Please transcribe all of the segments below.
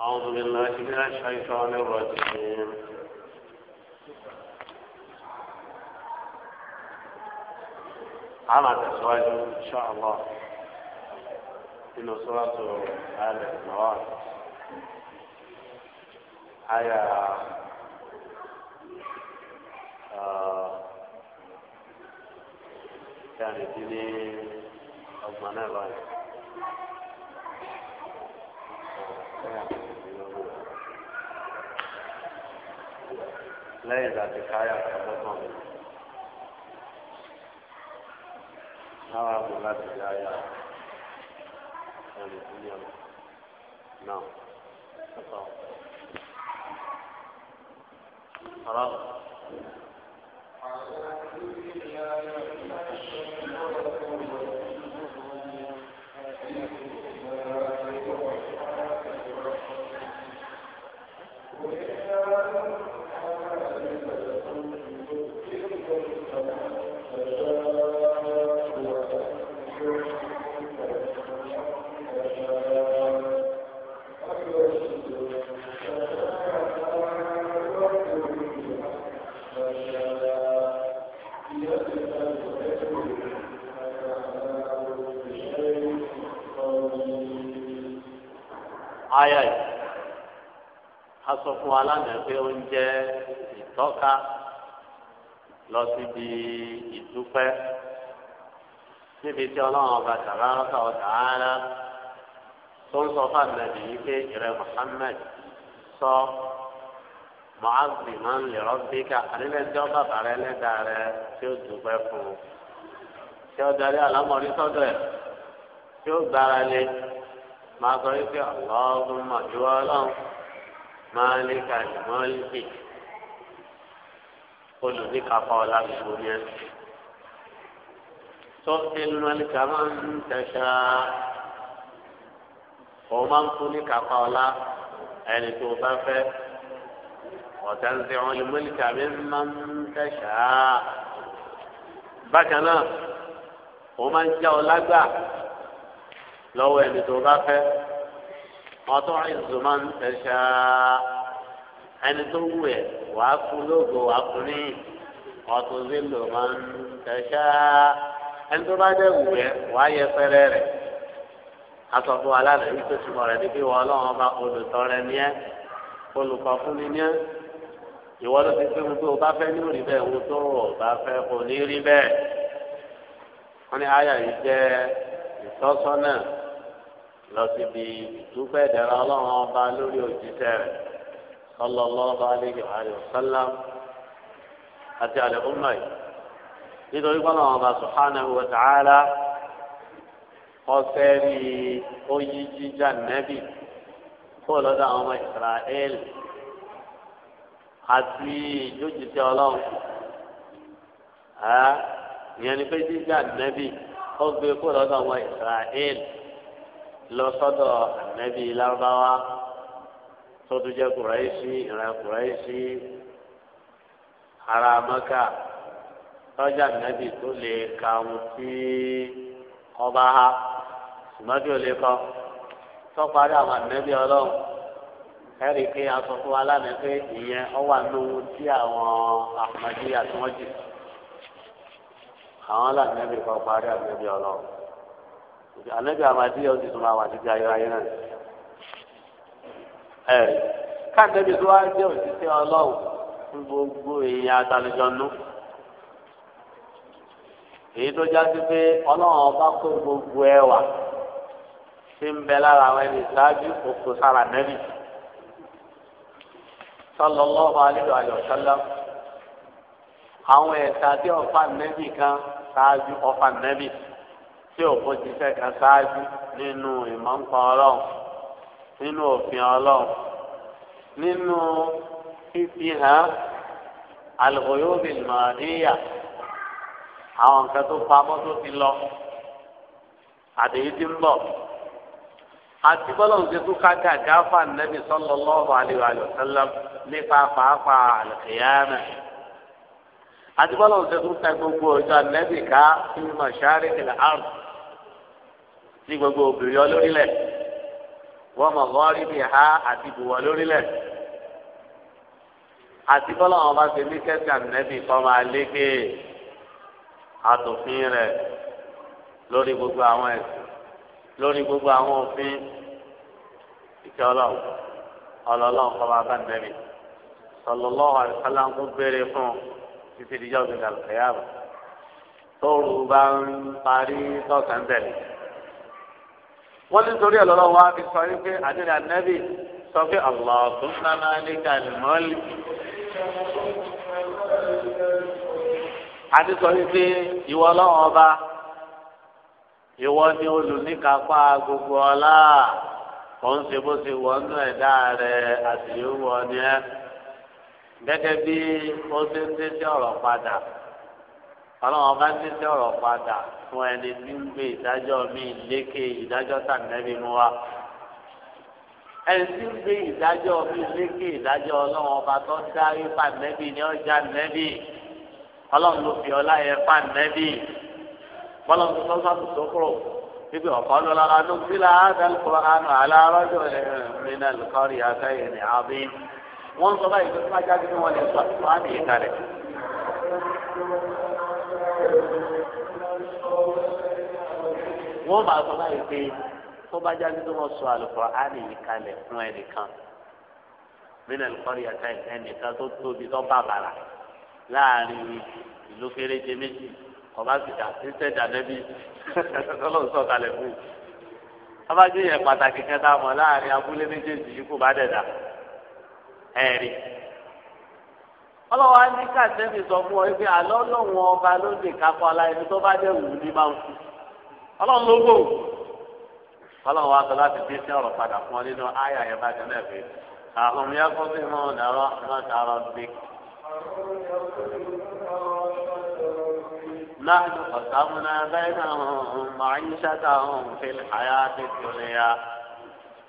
أعوذ بالله من الشيطان الرجيم عمل أزواج إن شاء الله في سورة آل عمران آية كانت لي أضمنها lẹ́yìn ìgbà káyà kẹ́kọ̀ọ́ mi. Náà bó láti di àyà ẹ̀rù fún yàrá náà ṣọ́kọ̀. Ọ̀rọ̀. Thank sọ fún wa lánàá pé oúnjẹ ìtọ́ka lọ síbi ìdúpẹ́ níbi tí ọlọ́run ọba tàbárọ́tà ọ̀tà ara tó ń sọ fáàmìlẹ́bì yìí pé ìrẹ́ Muhammad sọ mọ́àzìmọ́ lèrọ́ bíkà àdínlẹ́jọ́ bàbá rẹ lẹ́dàá rẹ tí ó dúpẹ́ fún un tí ó darí àlámọ̀rí sọ́dọ̀ ẹ̀ tí ó gbára lé máa sọ wípé ọlọ́run mọ̀ ìwọ ọlọ́run máàlíkà ìmọ̀lìkì olùdíkàpá ọ̀làgbò yẹn tó ìmọ̀lìkà máa ń tẹ̀sà òun máa ń kú ní kàpá ọ̀là ẹni tó bá fẹ́ ọ̀tẹ̀ǹtẹ̀ wọn ìmọ̀lìkà mi máa ń tẹ̀sà bákan náà òun máa ń já ọ̀làgbà lọ́wọ́ ẹni tó bá fẹ́ ọtọ́ ìzùmọ́n ẹ̀ṣá ẹni tó wù ẹ̀ wàá fún lógo wàá fún ní ọtún lílo máa ń ẹ̀ṣá ẹni tó bá dẹ̀ wù ẹ̀ wàá yẹ fẹ́rẹ́ rẹ̀ asọ̀fún alárẹ̀ yìí tó túmọ̀ rẹ̀ níbí wọn ọlọ́run ọba olùtọ́ rẹ̀ ní ẹ́ olùkọ́ fún mi ní ẹ́ ìwọ ló ti fún mi pé o bá fẹ́ ní òrì bẹ́ẹ̀ wo tó o bá fẹ́ kò ní rí bẹ́ẹ̀ wọ́n ní àyà yìí jẹ́ ìtọ́sọ́nà lọ síbi ìdúpẹ́ ìdẹ̀rọ ọlọ́run ọba lórí òjíṣẹ́ rẹ̀ sọlọ́lọ́ba aleyhi alẹ́sálám àti alẹ́ ọmọ yìí nítorí pé ọlọ́run ọba subhanahu wa ta'ala ọ̀sẹ̀ rí oyi jíjà nẹ́bì kó lọ́dọ̀ àwọn ọmọ Israẹ́lì àti ìjójìṣẹ́ ọlọ́run ìyẹn ni pé jíjà nẹ́bì ó gbé kó lọ́dọ̀ àwọn ọmọ lọ sọ́dọ̀ ànábì lárúbáwá tó tún jẹ́ kùráìsì ìran kùráìsì ara mọ́kà tọ́jà ànábì tó lè ka ohun tí ọba ha ṣùgbọ́n tí ò lè kọ́ tọ́parí àwọn ànábì ọlọ́run ẹ̀rí pé a sọ fún wa lánàá pé ìyẹn ọ wà lówó tí àwọn àpàdé àti wọ́n jì àwọn làǹdẹ́bì kan parí àgbẹ̀bí ọlọ́run. ànábì àmàdíyà ó sì tún máa wà títí ayérayé náà ẹ káàdébí tó wá jẹ́ òṣìṣẹ́ ọlọ́run fún gbogbo èèyàn àtàlùjọ́nú èyí tó jáde pé ọlọ́run ọba kó gbogbo ẹwà tí ń bẹ lára àwọn ẹni ìṣáájú òkú sára nẹ́bì sallallahu alaihi wa sallam àwọn ẹ̀ka tí ọ̀fà nẹ́bì kan ṣáájú ọ̀fà tí òkú ti sẹ́ka ṣáájú nínú ìmọ̀ǹkan ọlọ́run nínú òfin ọlọ́run nínú fífi hàn alùpùpù mọ̀ọ́díyà àwọn nǹkan tó pamọ́ tó ti lọ àtẹ̀yí ti ń bọ̀ àti bọ́lọ̀hún ṣe tún kájà gáfà nẹ́bí sallallahu alaihi wa sallam nípa pàápàá àlùkìyàmẹ́ àti bọ́lọ̀hún ṣe tún tẹ gbogbo ọjọ́ nẹ́bí ká fún mọ̀ṣáré kìlá àrùn sí gbogbo obìnrin olórílẹ̀ wọ́n mọ̀ wọ́n rí ní ha àti ìbùwọ̀ lórílẹ̀ àti bọ́lá wọn bá ṣe ní kẹ́sì ànẹ́bí kan máa lékè àtòfin rẹ̀ lórí gbogbo àwọn ẹ̀sìn lórí gbogbo àwọn òfin ìkẹ́ ọlọ́run ọlọ́run kọ́ máa bá nẹ́bí sallallahu alaihi wasallam béèrè fún títí ìdíjọ́ gbẹ̀dàgbẹ̀yàwó tóòrù bá ń parí tọ̀sán tẹ̀lé. wọ́n ní torí ẹ̀ wa fi sọ wípé àdéhùn ànábì sọ pé ọlọ́ọ̀tún nánà ní kàlímọ́lì. àti sọ wípé ìwọ ọlọ́wọ́n ọba ìwọ ni olùníkàpá gbogbo ọlá òun ṣe bó ṣe wọnú ẹ̀dá rẹ̀ àti ìwọ ni ẹ gẹ́gẹ́ bí ó ṣe ń ọ̀rọ̀ ọlọ́run ọba ń tẹ́tẹ́ ọ̀rọ̀ padà fún ẹni tí ń gbé ìdájọ́ míì lékè ìdájọ́ tàbí mu wa ẹni tí ń gbé ìdájọ́ míì lékè ìdájọ́ ọlọ́run ọba tó dárí pàǹdẹ́bì ní ọjà nẹ́bì ọlọ́run ló fi ọlá yẹn pàǹdẹ́bì bọ́lá tó tọ́ sọ́tù tó kúrò ibi ọ̀kọ́ ló lára ló sí la àdàlùkọ́ àná alárọ́jọ́ ẹ̀rìnà lùkọ́rì àtẹ̀yìn àbí wọ́n sọ báyìí tó wọ́n máa sọ báyìí pé tó bá jáde tó wọ́n sọ àlùkò àná yìí kalẹ̀ fún ẹnìkan nínú ẹ̀kọ́ rí ẹ̀ka ẹnìkan tó tóbi tó bàbàrà láàrin ìlú kéréje méjì ọba sìkà ṣíṣẹ́ ìdánẹ́bí ọlọ́run sọ kalẹ̀ fún un. abájú yẹn pàtàkì kẹta mọ̀ láàrin abúlé méjèèjì yìí kò bá dẹ̀dà ẹ̀rí. ọlọ́wọ́ ní kàtẹ́bì sọ fún ọ pé àlọ́ lọ́wọ́ ọba ló lè kápá tó bá dẹ̀ wù ní máa ọlọ́run ló gbò ọlọ́run wa sọ láti dé sí ọ̀rọ̀ padà fún ọ nínú àyà yẹn bá jẹ mẹ́fẹ́ àwọn ya kó sí mọ́ ọ̀dàrọ̀ ọ̀dàrọ̀ bí. نحن قسمنا بينهم معيشتهم في الحياة الدنيا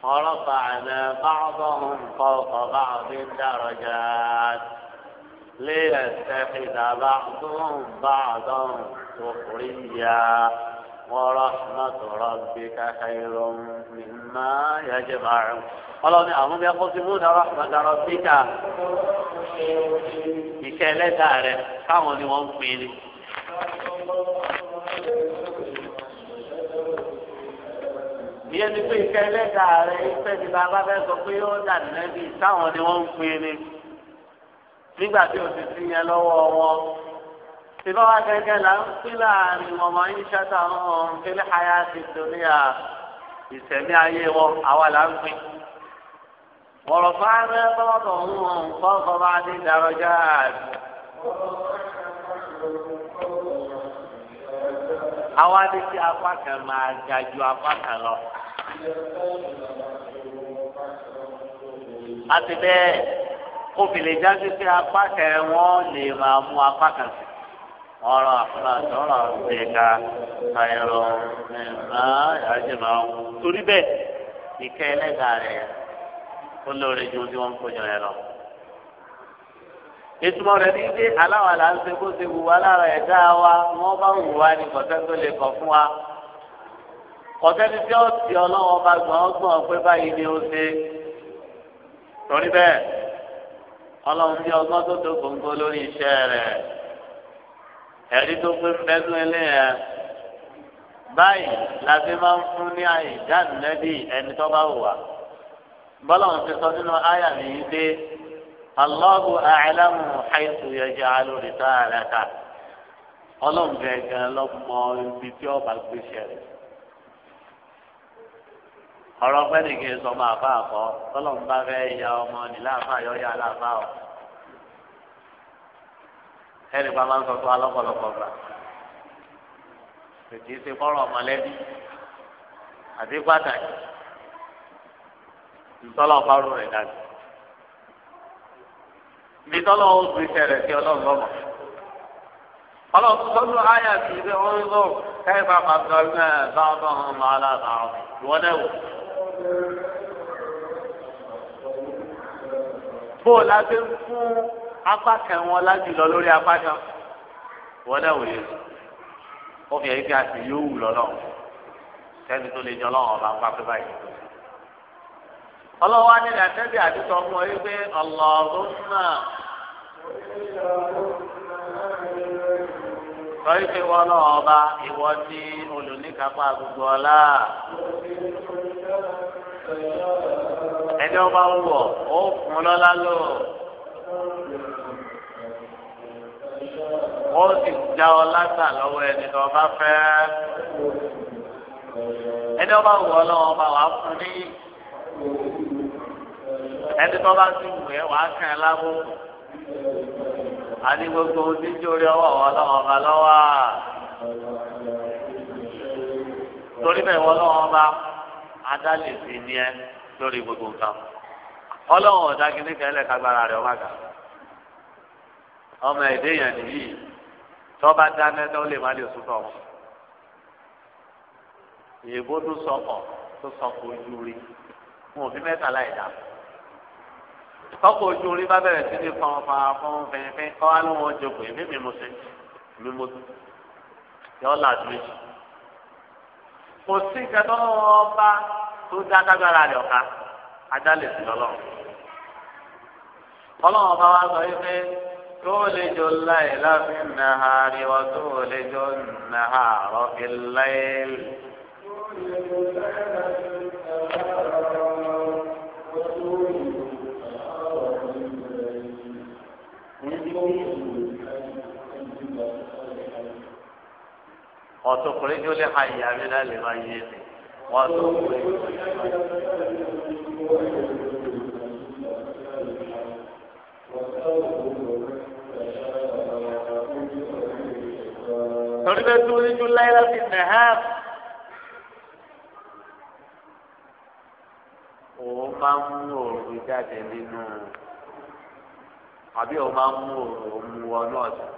ورفعنا بعضهم فوق بعض درجات ليتخذ بعضهم بعضا سخريا ورحمة ربك خير مما يجمعون ọlọ́ni àwọn bí akọ́símù náà rahmata rabbika ìṣe ẹlẹ́dàá rẹ káwọn ni wọ́n ń pè ní. ìyẹn ni pé ìṣe ẹlẹ́dàá rẹ ìfẹ́ ti bá bá fẹ́ sọ pé ó dà nẹ́bí táwọn ni wọ́n ń pè ní. nígbà tí o ti sí yẹn lọ́wọ́ wọn ìbáwá gẹ́gẹ́ là ń pín láàrin wọn máa ń ṣàtà wọn kílí àyà ti dòní à ìsẹ̀mí ayé wọn àwa là ń pín. wọ̀rọ̀ bá rẹ̀ bọ́lọ́dọ̀ ń wọn nǹkan kan ní ìdárọjá àti. àwa ní kí apá kan máa ga ju apá kan lọ. àti bẹ́ẹ̀ kó jáde pé apá kan wọn lè máa mú apá kan sí ọ̀rọ̀ àfúrásì ọ̀rọ̀ àfúrẹ́ka àìrọ̀ àjẹmọ́ torí bẹ́ẹ̀ ìkẹ́ ẹlẹ́gà rẹ̀ ó lóore ju tí wọ́n ń kó jọyọ̀ lọ. ìtumọ̀ rẹ̀ ní pé aláwa là ń ṣe kó ṣe wù wá lára ẹ̀dá wa wọ́n bá wù wá ní kọ̀tẹ́ tó lè kọ̀ fún wa. kọ̀tẹ́ ti tí ó ti ọlọ́wọ́ bá gbọ́n gbọ́n pé báyìí ni ó ṣe. torí bẹ́ẹ̀ ọlọ́run bí ọgbọ́n tó tó gbòǹgbò lórí iṣẹ́ rẹ̀ ẹ̀rí tó pé fẹ́ẹ́nú ẹlẹ́yà báyìí la fi máa ń fún ní àyè jáde ẹni tó bá wù wá bọ́lá wọn ti sọ nínú àyà mi yìí pé Allahu a'lamu haythu yaj'alu risalata ọlọ́run gẹ̀ẹ́gẹ́ lọ́mọ ibi tí ọba gbéṣẹ́ rẹ̀ ọ̀rọ̀ pẹ́ẹ́nì kì í sọ ọmọ àbá àkọ́ tọ́lọ́mùbá fẹ́ ya ọmọ nílá àbá yọ ya láàbá ọ̀ ẹnì kan máa ń sọ fún alọ́pọ̀lọpọ̀ gbà kì í ṣe kọ́rọ̀ ọmọlẹ́bí àti pàtàkì ìtọ́lọ̀ ọ̀párò rẹ̀ dàgbà ibi tọ́lọ̀ ó fi ṣẹlẹ̀ sí ọlọ́run lọ́mọ ọlọ́run tọ́lú ayé àti ìwé wọn lọ kẹ́yìn bá bàbá ọdún ẹ̀ bá ọdún ọ̀hún máa láta ọ̀hún ìwọ́n náà wò. apá kan wọn láti lọ lórí apá kan wọn náà wòye ó fi a sì yóò wù náà sẹ́ni tó lè jọ lọ́wọ́ ọba ń ọlọ́wọ́ nílẹ̀ àtẹ́bí àdúgbò fún ọ wípé ọlọ́ọ̀rúnmà ọba ìwọ olùníkàpá gbogbo ọlá ẹni ọba wù ó fún wọ́n sì já ọ látà lọ́wọ́ ẹni tó bá fẹ́. ẹni ọba wù ọ lọ́wọ́ bá wàá fún ní ẹni tó bá sì wù ẹ wàá kàn ẹ́ lábọ́. àní gbogbo oníjórí ọwọ́ ọ lọ́wọ́ bá lọ́wọ́ torí bẹ́ẹ̀ wọ́n lọ́wọ́ bá adálẹ̀ sí ni ẹ lórí gbogbo nǹkan ọlọ́wọ́ ọ̀dà kìnnìkan ẹlẹ́kàgbára rẹ̀ ọmọ àgàtà ọmọ ẹdẹ yẹn nìyí tọba dáná tó lè má lè sùn tọ èèbó tó sọkọ tó sọkọ ojú rí wọn ò fi mẹ́tàlá ẹ̀dá tọkọ ojú rí bá bẹ̀rẹ̀ sí ní fọwọn fọwọn fọwọn fẹyìnfẹyìn kọ wá lóun ọjọ́ pé mí mi mo ṣe mi mo yọ làdú méjì kò sí ìkẹtọ ọba tó dá dágbára rẹ ọka ajá lè sí lọ́lọ́run Ọlọ́run ọba wa sọ yìí pé. تولج الليل في النهار وتولج النهار في الليل وتخرج لحي من الميت وتخرج torí bẹ́ẹ̀ tó níjú láyé fi nàá òun máa ń mú òòrùn jáde nínú àbí òun máa ń mú òòrùn mu wọnú ọ̀sán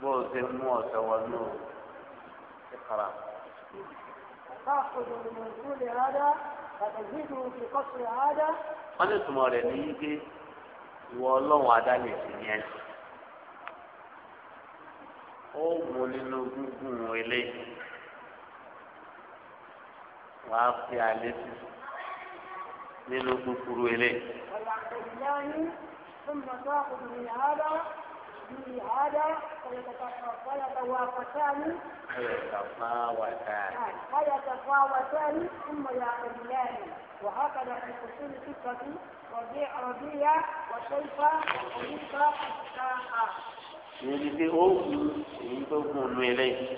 bó o ṣe mú ọ̀sán wọnú ìkàrà. wọ́n ní ìtumọ̀ rẹ̀ ní yíké ìwọ ọlọ́run adá lè ṣe yẹn ó wò nínú gúngùn ilé wà á fi àlè sí nínú kúkúrú ilé. هذا فيتفاوتان فيتفاوتان فيتفاوتان ثم يعقلان وهكذا في فصول الفكرة ربيع ربيع وشيخة وحنيفة وساحة ìyẹn ni pé ó wu èyí tó gùn lu eléyìí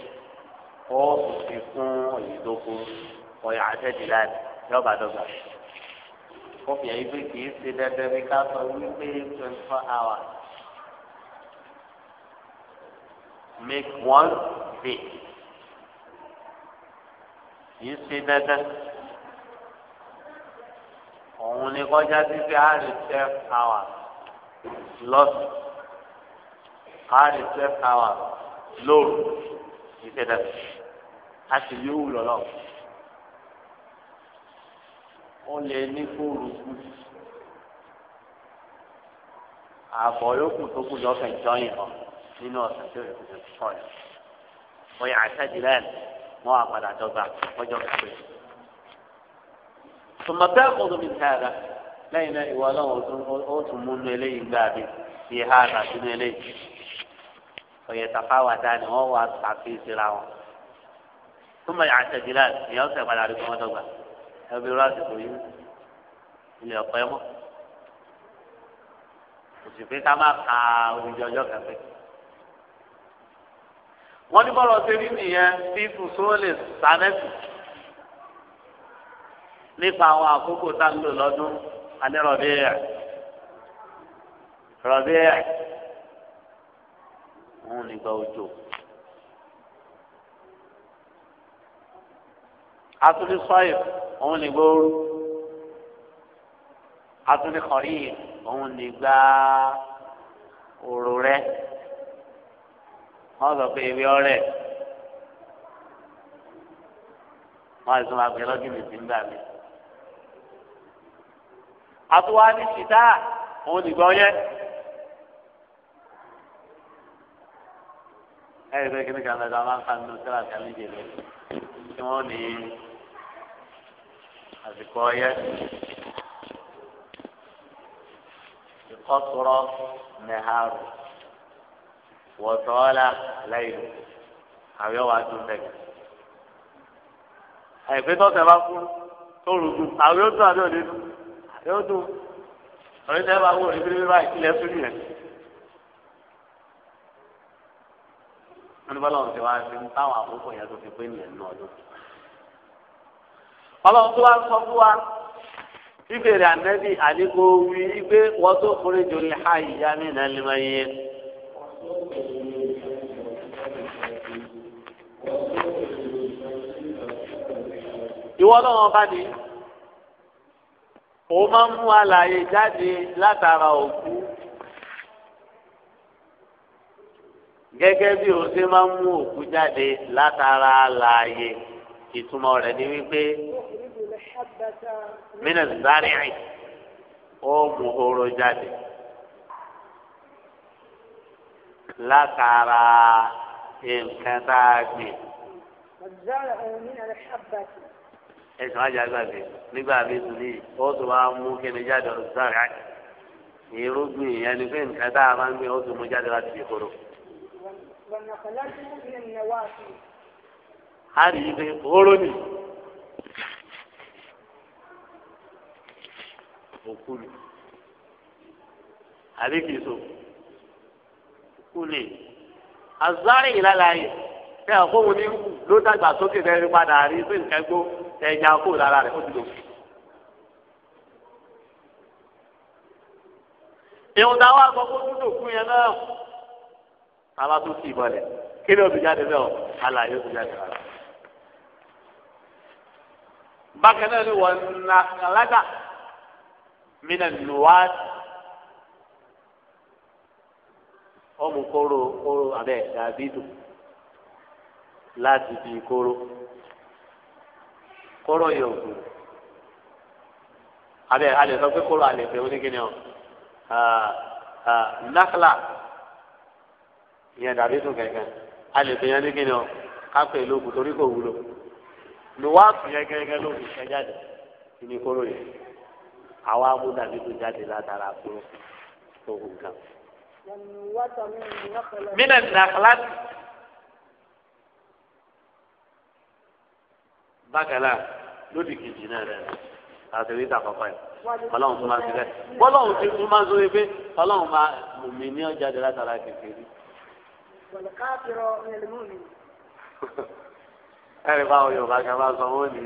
ó fi kún èyí tó kú ọ̀yà àtẹ̀jì láti yọba dọ́gba ó fi èyí pé kì í ṣe dandan ní ká sọ wípé twenty four hours make one day kì í ṣe dandan òun ni kọjá sí pé a lè twelve hours lọ́sùn. àárín twelve hours lóru ìṣẹ̀dá a sì yóò wù lọ́lọ́ ó lè ní fóònù kú àbọ̀ yòókù tó kù lọ́fẹ̀ jọyìn hàn nínú ọ̀sán tó yẹ kó tó kọ̀ yẹn wọ́n yà àṣàjì lẹ́yìn mọ́ àpàdà dọ́gba ọjọ́ kẹfẹ́ tòmọ̀tẹ́ ọ̀dọ́ mi tẹ́ lẹ́yìn náà ìwọ ọlọ́run ó tún mú inú eléyìí gbáà mi fi ọ̀yẹ̀ tàfáwàdà ni wọ́n wà tàfi síra wọn. túmọ̀ àtẹ̀jìlá ìyá ọ̀sẹ̀ padà rí fún ọdọ́gba ẹbí rú àsìkò yìí ilé ọ̀pẹ mọ́. òsì pé ká má ka òjò ọjọ́ kẹfẹ́. wọ́n ní bọ́lọ̀ ṣe rí nìyẹn tí tùsọ́ọ̀lì sàmẹ́sì nípa àwọn àkókò tá a ń lò lọ́dún alẹ́ rọ̀bẹ́ẹ̀ rọ̀bẹ́ẹ̀ òun nígbà òjò. atúndí sọ́yìn òun nígbà ooru atúndí kọ̀rí òun nígbà òru rẹ wọ́n sọ pé ewé ọ̀rẹ́ wọ́n àti sọ́mọ́ àgbẹ̀ lọ́jọ́ mi ti ń gbà mí. àtúwá ní ṣìdá òun nígbà ọyẹ́. ẹ̀rí pé kíní kan lẹ́dọ̀ máa ń kánú síra kan ní jèrè tí wọ́n ní àsìkò ọyẹ́ ìkọ́sọ̀rọ̀ mẹ́hàrù wọ̀tọ́ọ́lá lẹ́yìn àwíọ́ wa tún bẹ̀rẹ̀. àìpé tọ́sẹ̀ bá kú tó rúgbù àwíọ́ tún àbí òde tún àbí ó tún orí tẹ́ bá wù ní bíbí báyìí ilẹ̀ tún nìyẹn. wọn ní bọ́lá ọ̀sẹ̀ wa fi ń táwọn àkókò yẹn tó fi pé nìyẹn nínú ọdún. ọlọ́run tó wá sọ fún wa ìbéèrè ànẹ́bí àdínkù wí pé wọ́n tó kúrè jù ha ìyá mi náà lè máa yẹ. ìwọ lọ́wọ́ bá ní òun máa ń mú àlàyé jáde látara òkú. gẹ́gẹ́ bí o ṣe máa ń mú òkú jáde látara láàyè ìtumọ̀ rẹ̀ ni wípé minas zari'i ó mú horo jáde látara nǹkan tá a gbìn. ẹ̀sùn ajá gbàgbé nígbà mẹ́tò ní ó tún wá mú kíni jáde ọ̀sán rẹ̀ irúgbìn yẹn pé nǹkan tá a máa ń gbìn ó tún mú jáde láti fi a rí i pé oró ni òkú ni àbí kìí so òkú ni azari ìlàlàyé ẹ ọkọ wo ni ló dàgbà sókè fẹẹ rí padà rí pé nǹkan gbó ẹja kó lára rẹ ó ti lò. ìhùn táwọn àgbọ̀gbọ́ dúdú òkú yẹn náà. bàbá tó fi ìbọn lẹ kí ni òbí jáde ala àlàyé òbí jáde rárá. bákan náà ni wọn na alága mina nuwa ọmọ kóró kóró abẹ dàbí láti di kóró kóró yóò gùn abẹ alẹ sọ pé kóró alẹ fẹ oníkíni ọ ah, ah, nàkàlà. ìyẹn dàbí dùn kẹ̀kẹ́ a lè fi yẹn ní kíni o ká pè lóògùn torí kò wúlò lùwàásù yẹn gẹ́gẹ́ lóògùn yẹn jáde ìní kóró yẹn àwa mú dàbí dùn jáde látara kúrò lóògùn kan. mílẹ̀ nàkàlàsì bákan náà lódì kejì náà rẹ̀ àti rí ìtàkọ́kọ́ yẹn ọlọ́run tó máa ń ṣe bẹ́ẹ̀ ti tún máa ń sọ wípé ọlọ́run máa mùmí ní ọjà dé látara kékeré wàlùkáfìrọ̀ ẹlẹ́mú mi. ẹ̀rí báwọn yorùbá kan bá sọ wọ́n ní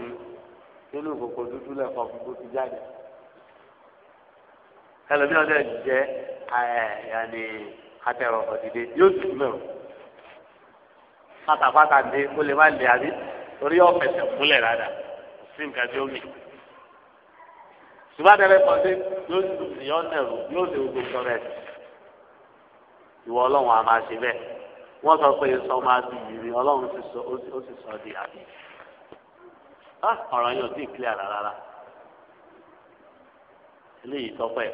nínú kòkò dúdú lẹ́kọ̀ọ́ fún kó ti jáde. ẹlòmíì ọjọ́ ìjẹ́ yanni atẹ̀rọ̀ ọ̀dìdẹ yóò dùn mẹ́rọ. pátápátá dé ó lè má lè àbí torí ọ̀fẹ̀sẹ̀ múlẹ̀ rárá sí nǹkan tí ó mì ṣùgbọ́n àtẹ̀rẹ̀ kan dé yóò dùn sí ọ̀nà ẹ̀rù yóò dé gbogbo sọ̀rọ̀ ẹ̀ ìwọ ọlọ́run a máa ṣe bẹ́ẹ̀ wọ́n sọ pé sọ máa di yìí ọlọ́run ti sọ ó ti sọ di àbí. ọ̀rọ̀ yóò ti clear rárá eléyìí tọ́pẹ́.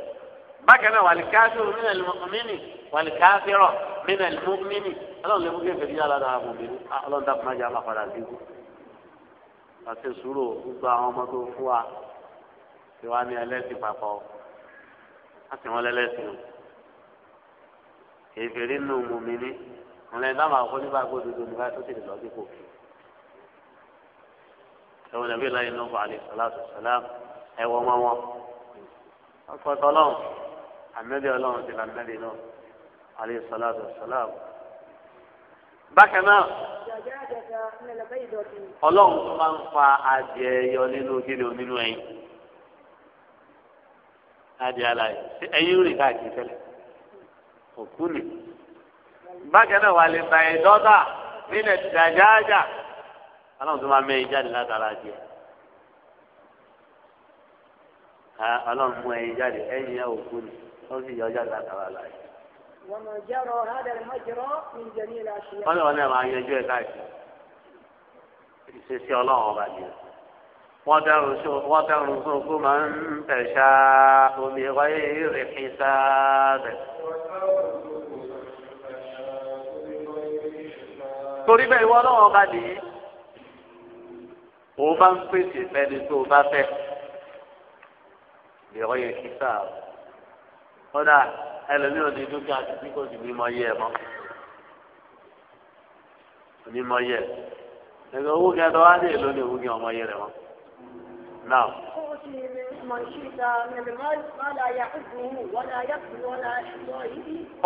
bákan náà wàlíkáfíò mínà lùmọ́mínì wàlíkáfíò mínà lùmọ́mínì ọlọ́run lè mú kí èfèdí yàrá dára bò mí ọlọ́run dákun má jẹ́ àmà padà sí ikú. àti sùúrù gbogbo àwọn ọmọ tó fún wa tí wàá ní ẹlẹ́sìn papọ̀ á sì wọ́n lẹ́lẹ́sìn o. nù mùmí ìrìn náà máa kọ́ nígbà gbọ́dọ̀ lónìí báyìí tó ti lè lọ dípò. ẹ̀wọ̀n nàbí láyé náà fà á lè sọlá tó sọlá ẹ̀wọ̀n mọ́ wọn. ọkọ̀ tọ́lọ́hún àmẹ́bí ọlọ́run ti làmẹ́bí náà àlè sọlá tó bákan náà ọlọ́run tó máa ń fa adìẹ yọ nínú kíni onínú ẹyin adìẹ aláyẹ ẹyin rìn káàkiri tẹ́lẹ̀ òkú nìyí bákan náà wà lè ta ìdọ́tà nínú ìdájáàjà ọlọ́run tó máa mẹ́rin jáde látara jẹ ọlọ́run mú ẹyin jáde ẹyin yẹn òkú ni wọ́n sì yọ jáde látara láàyè. wọ́n mọ̀ jẹ́rọ hádàrí mọ́jọ́rọ́ ní jẹ́ni ìlà ṣíyá. wọ́n lè wọ́n náà máa ẹ̀ káàkiri ìṣesí ọlọ́run ọba ni wọ́n dẹrùn sọ wọ́n dẹrùn sọ kó máa ń tẹ̀sà omi wáyé rẹ̀ fi sáà bẹ̀. torí bẹ́ẹ̀ ìwọ náà ọba nìyí òun bá ń pèsè fẹ́ni tó o bá fẹ́ lèrọ yẹ kíkà kódà ẹlòmíì ò ní dúkìá títí kò sì ní mọ yẹ mọ ní mọ yẹ ẹgbẹ owó kí ẹ tọ́ wá ní èlò ní owó kí ọmọ yẹ rẹ mọ náà.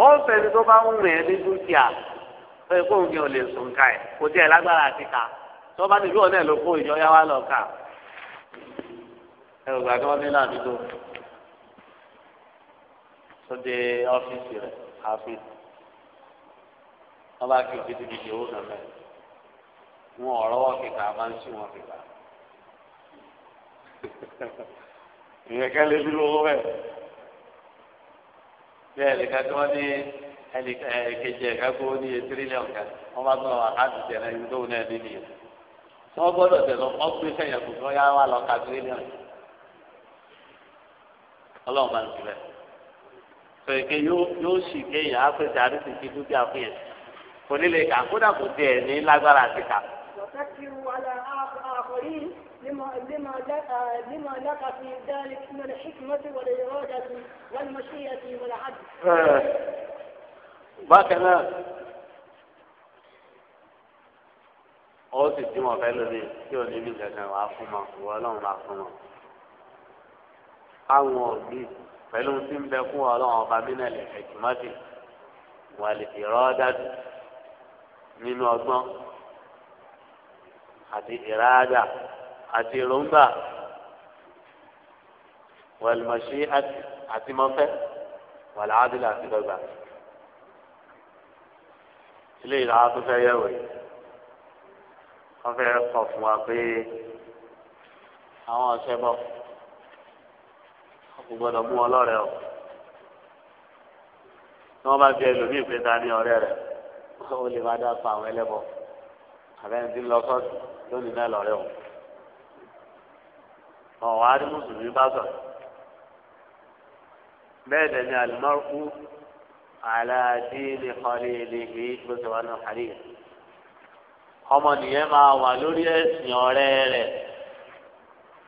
ó ń fẹ́ni tó bá ń rìn ẹ́ ní dúkìá tó yẹ kóun kí o lè sùn ká ẹ kò tiẹ̀ lágbára àti ká tó bá níbi ọ̀nà ẹ̀ ló kó ìjọ yá wá lọ ká ẹ ò gbà kí wọ́n ní náà dídò tó dé ọ́fíìsì rẹ̀ àfi wọ́n bá kí o gidigidi owó náà mẹ́rin wọn wọn kíkà máa ń sí wọn kíkà ìyẹn kẹ́lẹ́ bí lówó bẹ́ẹ̀ bẹ́ẹ̀ lè ká tí wọ́n ní. ẹnì keje ẹ̀ka kó ní tírílíọ̀n kan wọ́n bá tún àkáǹtì tẹ̀lé ibi tó náà ní nìyẹn. wọ́n gbọ́dọ̀ tẹ̀lé wọ́n gbé sẹ́yìn kù kí wọ́n yá wà lọ ka tírílíọ̀n. ọlọ́run máa ń tilẹ̀. sọ èké yóò sì kéèyàn á pèsè àrísìkí dúkìá bákan náà ó sì tí wọn fẹ́ lómi tí ò ní bí kankan wàá fún wọn ìwọ Ọlọ́run máa fún wọn àwọn òbí pẹ̀lú tí ń bẹ fún Ọlọ́run ọba mínàlẹ ẹkìmọtì wà lè fi rọọdàdù nínú ọgbọ́n àti ìràádà àti èròǹgbà wàlùmọṣí àti mọfẹ wàlùmọṣí àti dọ́gba ilé ìlànà tó fẹ́ yẹ̀wò yìí wọ́n fẹ́ kọ̀ fún wa pé àwọn ọ̀sẹ̀ bọ̀ kò gbọ́dọ̀ mú ọlọ́rẹ̀ o tí wọ́n bá fi ẹlòmíì pé ta ní ọ̀rẹ́ rẹ̀ ó lè má dá pa àwọn ẹlẹ́bọ àbẹ́yìn tí ń lọ sọ́ọ̀tì lónìí náà lọ́rẹ́ o ọ̀wá ní mùsùlùmí bá sọ̀rọ̀ bẹ́ẹ̀ dẹ̀ ni àlùmọ́rùkú. على دين خليله بزوان حرير ọmọ nìyẹn máa wà lórí ẹ̀sìn ọ̀rẹ́ rẹ̀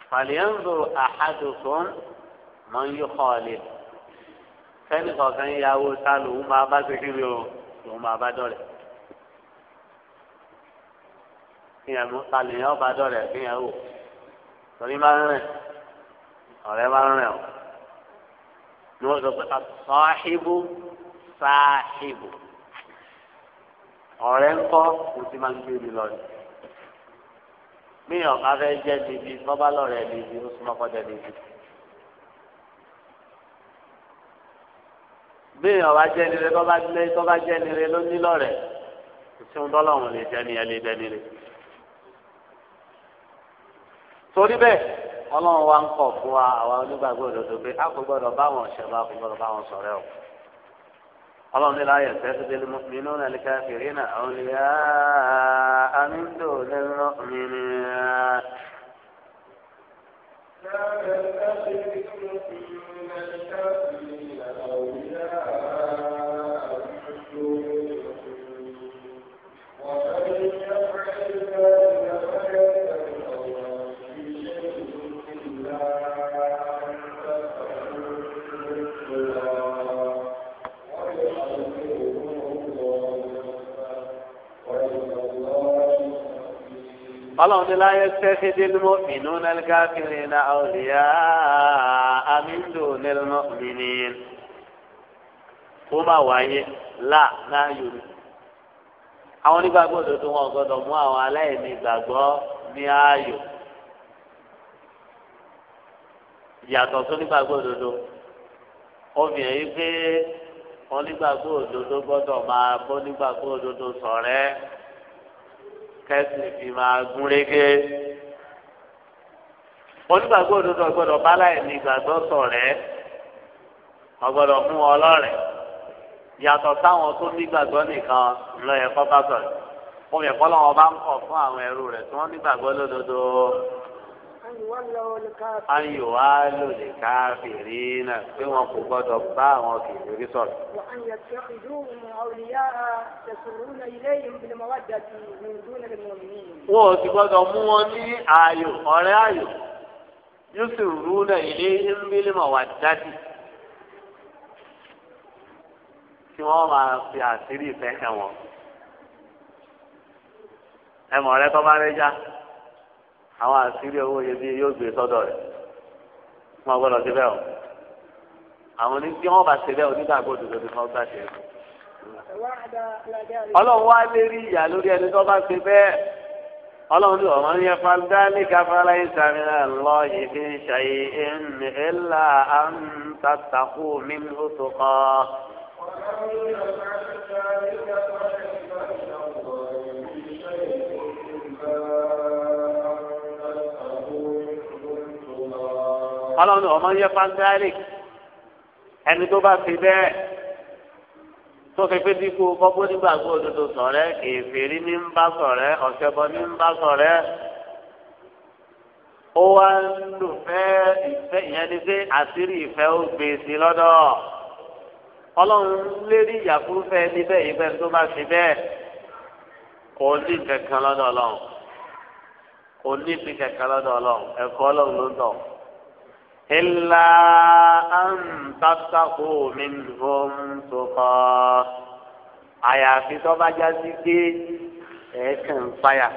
fàlẹ́ńdò àhádùkún mọ̀ ń yí kọ́ọ̀lì fẹ́ni kọ̀ọ̀kan ìyàwó ta lòun máa bá ṣe kíri o lòun máa bá dọ̀rẹ̀ kíyàn mú ta lèyàn ọba dọ̀rẹ̀ kíyàn wò torí máa ń rìn ọ̀rẹ́ máa ń rìn o ni wọ́n sọ pé àtọ́hìbù sáàhìbù ọ̀rẹ́ ńkọ́ kò sí máa ń gbé mi lọ ni míyàn ká fẹ́ jẹ́ níbi bọ́bá lọ́rẹ̀ níbi ó súnmọ́ kọjá níbi. míyàn bá jẹ́ nire bọ́bá lé bọ́bá jẹ́ nire ló ní lọ́rẹ̀ kò sí ohun tọ́lọ́run lè jẹ́ nìyẹn lè jẹ́ nire. torí bẹ́ẹ̀ ọlọ́run wa ń kọ̀ fún wa àwa onígbàgbọ́ òdodo pé a kò gbọ́dọ̀ báwọn ọ̀ṣẹ́ bá kò gbọ́dọ̀ báwọn sọ̀rẹ́ o. اللهم لا يتخذ المؤمنون الكافرين أولياء من دون المؤمنين لا يتخذ المؤمنون ọlọ́run ní láyé sẹ́sí délùmọ́ ìnú nálíkà kiri na ọ̀lìyá amíndò nílùmọ́ mìíní. kó má wáyé là náà yòrò. àwọn onígbàgbọ́ òdodo wọn gbọ́dọ̀ mú àwọn aláìní gbàgbọ́ ní ààyò. yàtọ̀ tó nígbàgbọ́ òdodo obìnrin yìí pé onígbàgbọ́ òdodo gbọ́dọ̀ máa bọ́ nígbàgbọ́ òdodo ṣọ̀rẹ́ kẹ́sì fi máa gún régé. onígbàgbọ́ òdodo ọgbọ́dọ̀ báláyé ní ìgbàgbọ́ ṣọ̀rẹ́ ọgbọ́dọ̀ fún wọn lọ́rẹ̀ yàtọ̀ sáwọn tó nígbàgbọ́ nìkan lọ yẹ kọ́ bá sọ̀rọ̀ omi ẹ̀kọ́ lọ́wọ́ bá ń kọ̀ fún àwọn ẹrú rẹ̀ tí wọ́n nígbàgbọ́ lódodo ayò wa lò lè káfìrí náà pé wọn kò gbọ́dọ̀ bá àwọn kìfìrí sọ̀rọ̀. wọn ò sì gbọ́dọ̀ mú wọn ní ayò ọ̀rẹ́ ayò yóò sì rú náà ilé ńbílímọ wà dájú tí wọ́n máa fi àṣírí ìfẹ́ hàn wọn. ẹ tó bá rẹ́ já àwọn àṣírí owó iyebíye yóò gbé sọ́dọ̀ rẹ̀ wọn gbọ́dọ̀ ti bẹ́ẹ̀ o àwọn ní tí wọ́n bá ti bẹ́ẹ̀ onígbàgbọ́ òdodo ni wọ́n gbà ṣe é. ọlọ́run wá lé rí ìyá lórí ẹni tó bá ti bẹ́ẹ̀ ọlọ́run ní ọ̀wọ́n yẹn fàdálì káfárá ìsàmìlà lọ yìí fi ń ṣàyè ẹnì ẹ̀là àǹtàtàkù mímú tó kàn. ọlọ́run ọmọ yẹ fangálì ẹni tó bá fi bẹ́ẹ̀ tó fi pé dípò bọ́bú nígbàgbọ́ òdodo sọ̀rẹ́ kèfèrí ní ń bá sọ̀rẹ́ ọ̀ṣẹ́bọ ní ń bá sọ̀rẹ́ ó wá ń lò fẹ́ ìfẹ́ ìyẹn ni pé àṣírí ìfẹ́ ó gbé sí lọ́dọ̀ ọlọ́run lérí ìyàkúrúfẹ́ ní bẹ́ẹ̀ ìfẹ́ tó bá fi bẹ́ẹ̀ kò ní kankan lọ́dọ̀ ọlọ́run kò ní kankan lọ́dọ̀ ọlọ́run ẹ̀kọ́ ọlọ́run ló ń tọ̀. إلا أن تتقوا منهم تقى àyàfi tó bá já sí pé ẹ̀ẹ́kàn ń fàyà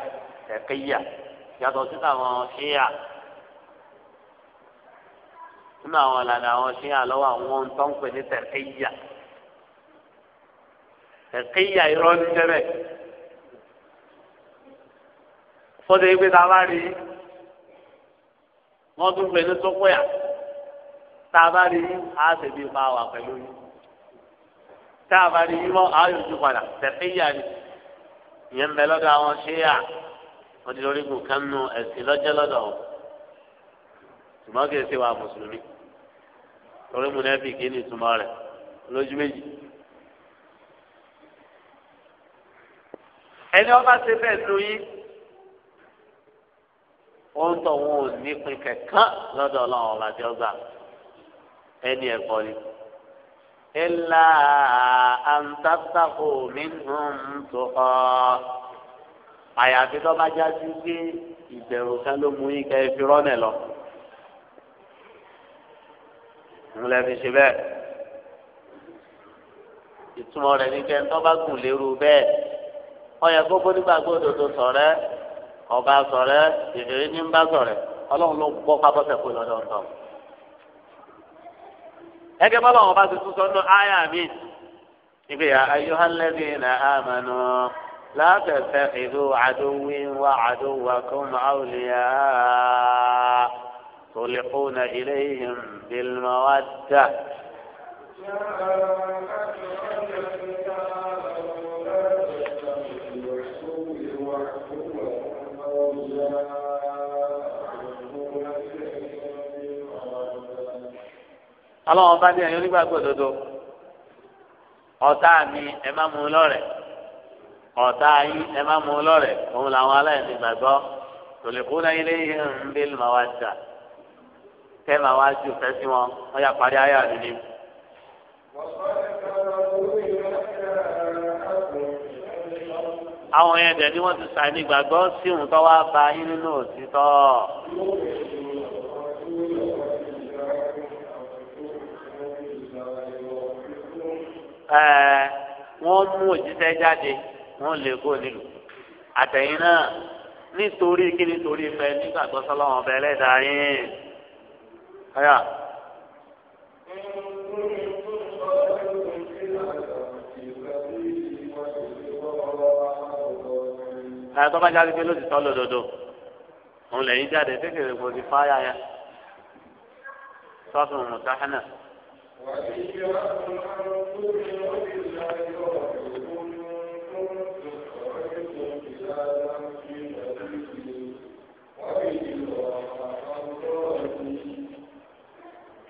ẹ̀kẹ́yà yàtọ̀ sí àwọn ṣíyà nínú àwọn ìlànà àwọn ṣíyà lọ́wọ́ àwọn tó ń pè ní tẹ̀kẹ́yà ẹ̀kẹ́yà irọ́ ní jẹ́rẹ̀ fọ́dọ̀ yìí pé tá a bá rí i wọ́n tún pè ní sọ́kọ́yà tá a bá rí yín á sì bí ipa wà pẹ̀lú yín tá a bá rí yín mọ́ á yóò tún padà tẹ̀síyà ni ìyẹn bẹ lọ́dọ̀ àwọn ṣéyà wọ́n ti lórí gùn kan nù ẹ̀sìn lọ́jọ́ lọ́dọ̀ wọn ṣùgbọ́n kì í ṣe wà mùsùlùmí torí mu nẹ́ẹ̀bì kì í ní ìtumọ̀ rẹ̀ lójú méjì. ẹni ọba ṣe bẹ́ẹ̀ nù yín wọn tọ wọn ò ní pin kẹkàn lọ́dọ̀ Ọlọ́run ọba tí ó gbà ẹni ẹkọ ni. ilà àǹtàtàkù mi ń tó ọ àyàfi tó bá já sí pé ìbẹ̀rù kan ló mú yín kẹ́ ẹ fi rọ́nà lọ. ńlẹ́ fi ṣe bẹ́ẹ̀ ìtumọ̀ rẹ̀ ní kẹ́ ẹ tó bá gùn lérú bẹ́ẹ̀ ọ̀yẹ́ gbogbo nígbàgbọ́ òdodo sọ̀rẹ́ ọba sọ̀rẹ́ ìrírí ní ń bá sọ̀rẹ́ ọlọ́run ló gbọ́ kábọ́sẹ̀ kó lọ́dọ̀ ọ̀tọ̀. ẹgẹ bọ́lá wọn bá ti tún sọ́nù áyà mi ìgbéyà ayọ́hánlẹ́bí nà ámànù látẹ̀tẹ̀ ìlú àdówí wá àdówà kó màáwùlíyà tòlẹ́kùnà ilé yìí bìlmọ́wádà. ọlọ́wọ́n bá ní ẹ̀yin onígbàgbọ́ òdodo ọ̀tá mi ẹ má mú un lọ́rẹ̀ ọ̀tá yín ẹ má mú un lọ́rẹ̀ òun làwọn aláìní gbàgbọ́ tòlẹ́kúnlẹ̀ ilé yìí ń bí màá wá jà tẹ́ màá wá ju fẹ́ sí wọn wọ́n parí ayé àdúgbò. àwọn yẹn dẹ̀ ni wọ́n ti sàní gbàgbọ́ sí òun tó wá ba yín nínú òtítọ́. ẹ wọn mú òjíṣẹ́ jáde wọn lè kó nílùú àtẹ̀yìn náà nítorí kí nítorí fẹ́ nígbàgbọ́ sọlọ́wọ́n bẹ lẹ́dàá yín. Aya. Ẹ tọ́ka jáde pé lóòtítọ́ lòdòdò òun lẹ́yìn jáde kékeré kò ti fáyà yẹn sọ́ọ̀tún mùtáhánà.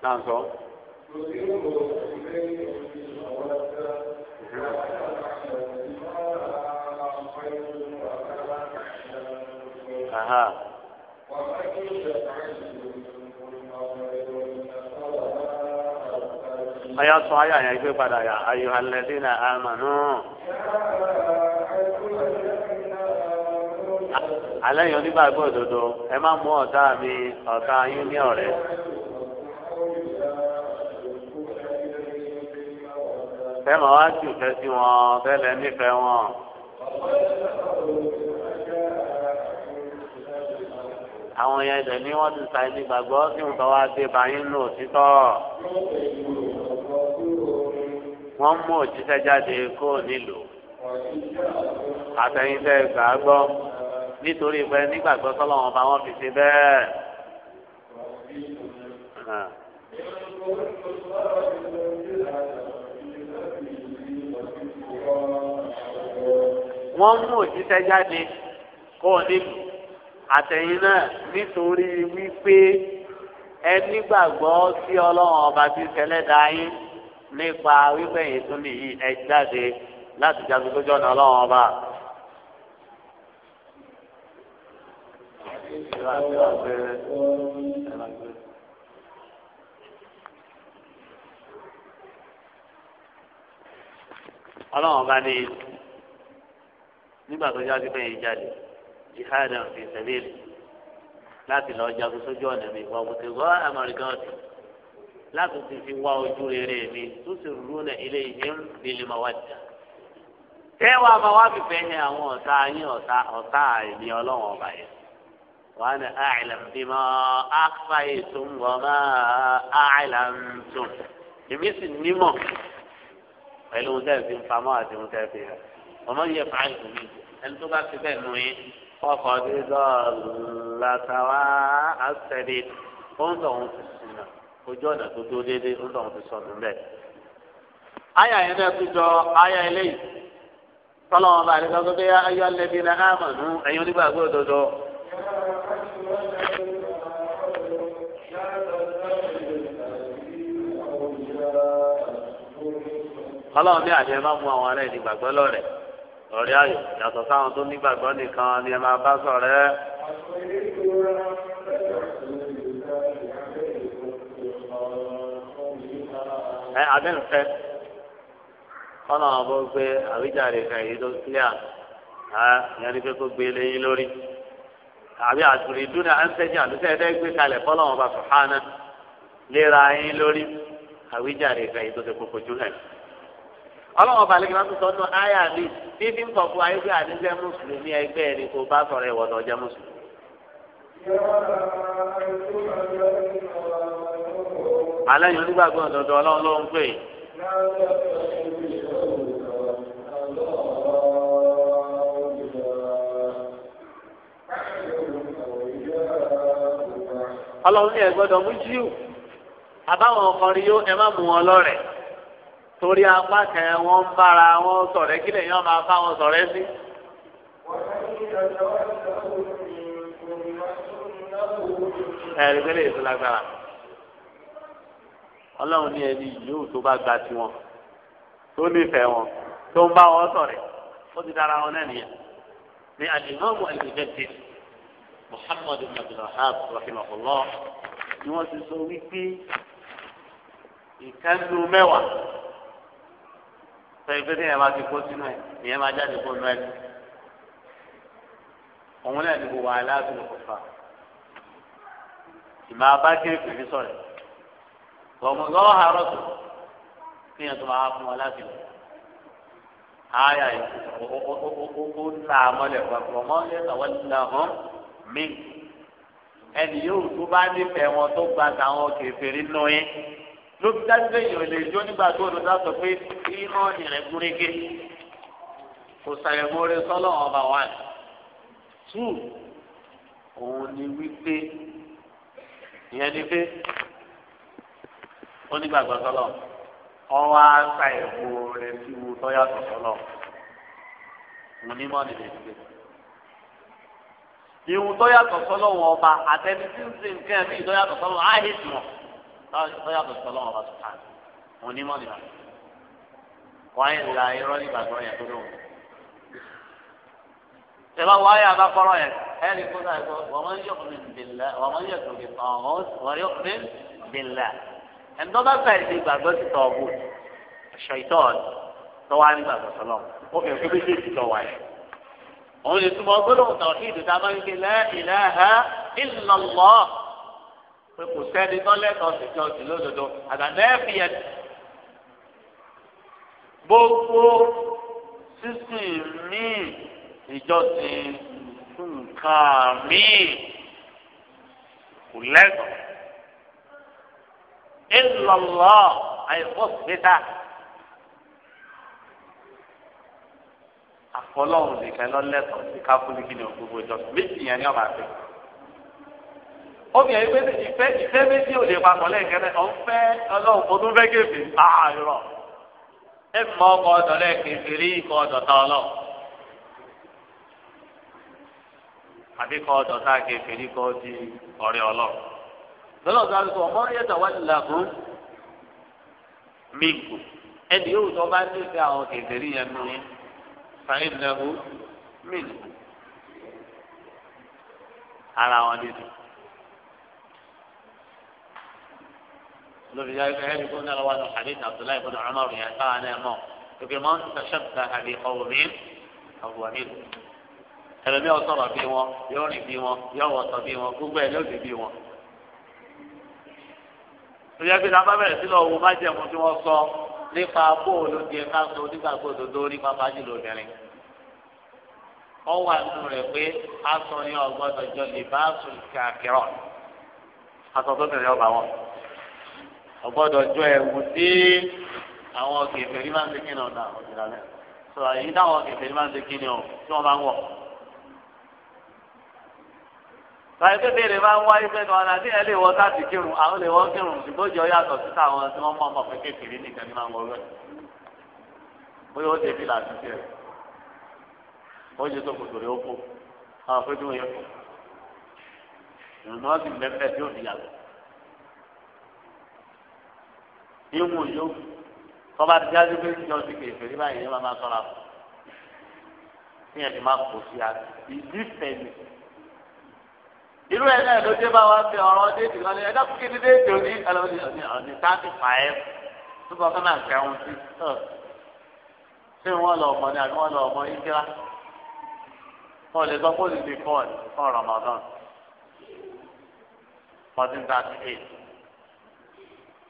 Nanso. Aha. ọyá sọ ayé àyà gbé padà yà ayò alẹ́dínà àmànú. alẹ́ yẹn onígbàgbọ́ òdodo ẹ má mú ọ̀tá mi ọ̀tá yín ní ọ̀rẹ́. fẹ́mọ̀ wá sì fẹ́ sí wọn fẹ́lẹ̀ nífẹ̀ẹ́ wọn. àwọn yẹn dẹ̀ ni wọ́n ti sa ẹni gbàgbọ́ sí nǹkan wá dé báyìí nù títọ́ wọ́n mú òjíṣẹ́ jáde kó nílò àtẹ̀yìntẹ́ gbàgbọ́ nítorí pé nígbàgbọ́ sọ́lọ́wọ́n bá wọ́n fi ṣe bẹ́ẹ̀. wọ́n mú òjíṣẹ́ jáde kó nílò àtẹ̀yìn náà nítorí wípé ẹ nígbàgbọ́ sí ọlọ́run ọba tí ṣẹlẹ̀ dá yín nípa wípé yìí tún nìyí ẹ jáde láti jagun tó jọ̀nà ọlọ́run ọba. ọlọ́run ọba ní nígbà tó jáde bẹ́ẹ̀ jáde jihad fi sẹ́lẹ̀ láti lọ jagun sójú ọ̀nà mi wọ́n kò tẹ̀ wọ́n amọ̀ríkà ọ̀sìn láti ti fi wá ojú rere mi tó sì rú ní ilé ìhìn líle máa wá jà. tẹ́wàá máa wá fi fẹ́ hẹ àwọn ọ̀tá yín ọ̀tá ọ̀tá ẹ̀mí ọlọ́run ọba yẹn. wàá ní àìlẹ̀ bí mọ́ àkàfà ètò ń bọ̀ mọ́ àìlẹ̀ èmi sì nímọ̀ pẹ̀lú ohun tẹ́ẹ̀ fi ń pamọ́ àti ohun tẹ́ẹ̀ fi hàn. ọmọ yẹ fàáyì kò ní ẹni tó bá fi bẹ́ẹ̀ nù yín ọkọ̀ dídọ́ọ̀lù làtàwá àṣẹ ojú ọ̀nà tó tó déédéé ó lọ́wọ́ fi sọnù bẹ́ẹ̀. àyà yẹn náà tún jọ àyà eléyìí tọ́lọ́wọ́n bá àdéhùn tó déyà ayọ́ lẹ́bi náà àmọ̀nù ẹ̀yin onígbàgbọ́ òdodo. ọlọ́run ní àjẹ máa mú àwọn ará ẹni gbàgbọ́ lọ́rẹ̀ ọ̀rẹ́ ayọ̀ yàtọ̀ sáwọn tó nígbàgbọ́ nìkan ni ẹ máa bá sọ̀rẹ́. ẹ eh, abẹ́nufẹ́ kọ́nà ọ̀bọ gbé àwíjàre kan èyí tó kílíà ẹ ìyẹn ní pé kó gbé lẹ́yìn lórí àbí àtúrò ìdúnà ẹnfẹ́jì àdúgbò ẹ̀dẹ́ gbé kalẹ̀ fọlọ́wọn bá sùhánà léra yín lórí àwíjàre kan èyí tó ṣe kókó jù hàn. ọlọ́wọ́n balẹ̀ kí wọ́n tún sọ́nù mi ń ayégbé mùsùlùmí ẹgbẹ́ ẹni bá sọ̀rọ̀ ìwọ̀n aláìní onígbàgbọ́ ọ̀dọ̀dọ̀ ọlọ́run ló ń pè. ọlọ́run ní ẹ̀gbọ́dọ̀ mú jíù àbáwọn ọkọrin yóò ẹ má mú wọn lọ́rẹ̀ torí apá kan wọn ń bára wọn ṣọ̀rẹ́ kí lèyàn máa bá wọn ṣọ̀rẹ́ sí. ẹ̀rí pé lè so lágbára ọlọ́run ní ẹni yóò tó bá gba tiwọn tó nífẹ̀ẹ́ wọn tó ń bá wọn sọ̀rẹ̀ ó ti dára wọn náà nìyẹn ní alimami alimẹtẹ muhammadu abdulrahab rahimahullah ni wọn ti sọ wípé ìkànnù mẹ́wàá sọ ìgbésẹ̀ yẹn máa ti kó sínú ẹ ìyẹn máa jáde kó nù ẹ òun náà ní gbogbo aláàbò kọfà ìmọ̀ abájẹ́ ìpèsè sọ̀rọ̀ kọ̀mọ̀gọ́ àárọ̀ tó kí yẹn tó máa fún wọn láti lọ. Aya yìí O ta àmọ́lẹ̀ pàpọ̀ mọ́ yẹ́ta wọ́n ti là hàn mí. Ẹnì yóò tó bá nífẹ̀ẹ́ wọn tó gba tàwọn kèfèrí nù yín. Ló fi dájú pé èèyàn lè jó nígbà tó lọ sọ pé iná ìrìn gúrégé. Kò sàyẹ̀mórè sọ́lọ́ ọba wa. Two, òun ni wípé ìyẹn ni pé onígbàgbọ́ sọlọ ọwọ́ àṣà ìwò rẹ̀ sí wo tọ́yàtọ̀ sọlọ mo ní mọ́ nílé ìgbé. ìwò tọ́yàtọ̀ sọlọ wọn ọba àtẹni tí ń sin nǹkan ẹ̀mí ìtọ́yàtọ̀ sọlọ áhì tì wọ́n tọ́yàtọ̀ sọlọ wọn ọba tó tà mo ní mọ́ nílé ìgbé. wọ́n á la irọ́ nígbàgbọ́ yẹn tó lóhùn. ìbá wáyé abáfọ́rọ́ yẹn ẹ̀rí kó sáà wọ́n mọ̀ ń yọ̀kùnrin bìlá ẹnitọ́ bá fẹ́ ṣe gbàgbọ́ sí tọ́ọ̀bù ẹ̀ṣọ́ ìtọ́ọ̀ tọ́wá ní gbàgbọ́ sọlọ́ ó fi ẹ̀kọ́ méjèèjì lọ wáyé. òun lè túmọ̀ gbólóhùn tàwọn ìdù tá a máa ń gbé pé kò sẹ́ni tọ́lẹ́tọ̀ sí jọ́sìn lódodo àgbàdẹ́fìyẹ gbogbo sísìn míì ìjọsìn nǹkan míì kò lẹ́tọ̀ọ́. ilọlọ àìfọsíta a nìkan lọ́lẹ́tọ̀ọ́ sí káfíńsì kí ni o gbogbo ìjọ méjì yẹn ni ọba ọ obìnrin yìí pé ìfẹ́ ìfẹ́ méjì ò lè papọ̀ lẹ́ẹ̀kẹ́rẹ́ ọ̀ ọlọ́run kò tún fẹ́ kéfì àárọ̀ ah, ẹ mọ ọkọ̀ ọ̀dọ̀ lẹ́ẹ̀kẹ́fì rí ikọ̀ ọ̀dọ̀ tá ọlọ́ àbíkọ̀ ọ̀dọ̀ tá rí kọ́ di ọ̀rẹ́ ọlọ́run. lọ́lọ́ sọ àti sọ ọmọ yẹn tó wá nílà fún mi kù ẹni yóò tó bá nífẹ̀ẹ́ àwọn kẹfẹ́rì yẹn nù yẹn fàyè nàbó mi nù ara wọn nínú. lórí yàrá ìfẹ́ ẹni kó ní ọlọ́wọ́ àwọn àdéhùn abdullahi ibùdó ọmọrù yẹn káwọn náà mọ̀ òkè mọ́ ń tẹ̀sẹ̀tà àbí ọ̀wọ̀mí ọ̀wọ̀mí ẹlòmíọ̀ sọ̀rọ̀ bí wọn yóò bí wọn yóò wọ̀sọ̀ bí wọn gbogbo ẹ̀ ló bí wọn ìyá pé nàbà bẹ̀rẹ̀ sí lọ́wọ́ wọ́n má jẹ̀mú tí wọ́n sọ nípa bóòlù díẹ̀ ká sọ nígbà gbọdọ̀ lórí pápá jùlọ obìnrin. wọ́n wà nínú rẹ̀ pé aṣọ ni ọgbọ́dọ̀ jọ lè bá aṣọ kàkírọ̀ aṣọ tó bẹ̀rẹ̀ ọba wọn. ọgbọ́dọ̀ jọ ẹ̀wù sí àwọn kẹfẹ́ ní máa ń ṣe kí ni ọ̀dà ọ̀dà náà. sọ báyìí béèrè máa ń wáyé fẹ́nu ọ̀nà tí ẹ lè wọ sáàtì kírun àwọn lè wọ́n kírun ṣùgbọ́n ìjọ yàtọ̀ sí táwọn tí wọ́n mọ̀ ọmọ pé kékeré nìkan ní máa ń wọlé bóyá ó ṣe bí làásì tiẹ̀ ó ṣe tó kòtò rẹ̀ ó kó àwọn pé kí yẹ kó ìrùnà ọ̀sìn lẹ́fẹ̀ tí ó fi yàgò ìwọ̀n yóò kọ́ bá ti dájú pé ìjọ ti kékeré báyìí yẹn máa máa sọ irú ẹ náà ló dé bá wa fi ọ̀rọ̀ déètì kan lé ẹ dákú kí ni déètì òní ẹlọmọdé ọdún ọdún táàtì fàáyé túbọ̀ kọ́ náà kẹrun sí ọ ṣé wọn lọ ọmọ ni àbí wọn lọ ọmọ ìjìlá wọn lè gbọ́ pọ́lì bíi fọ́ọ̀lì fún Ramadan fourteen thirty eight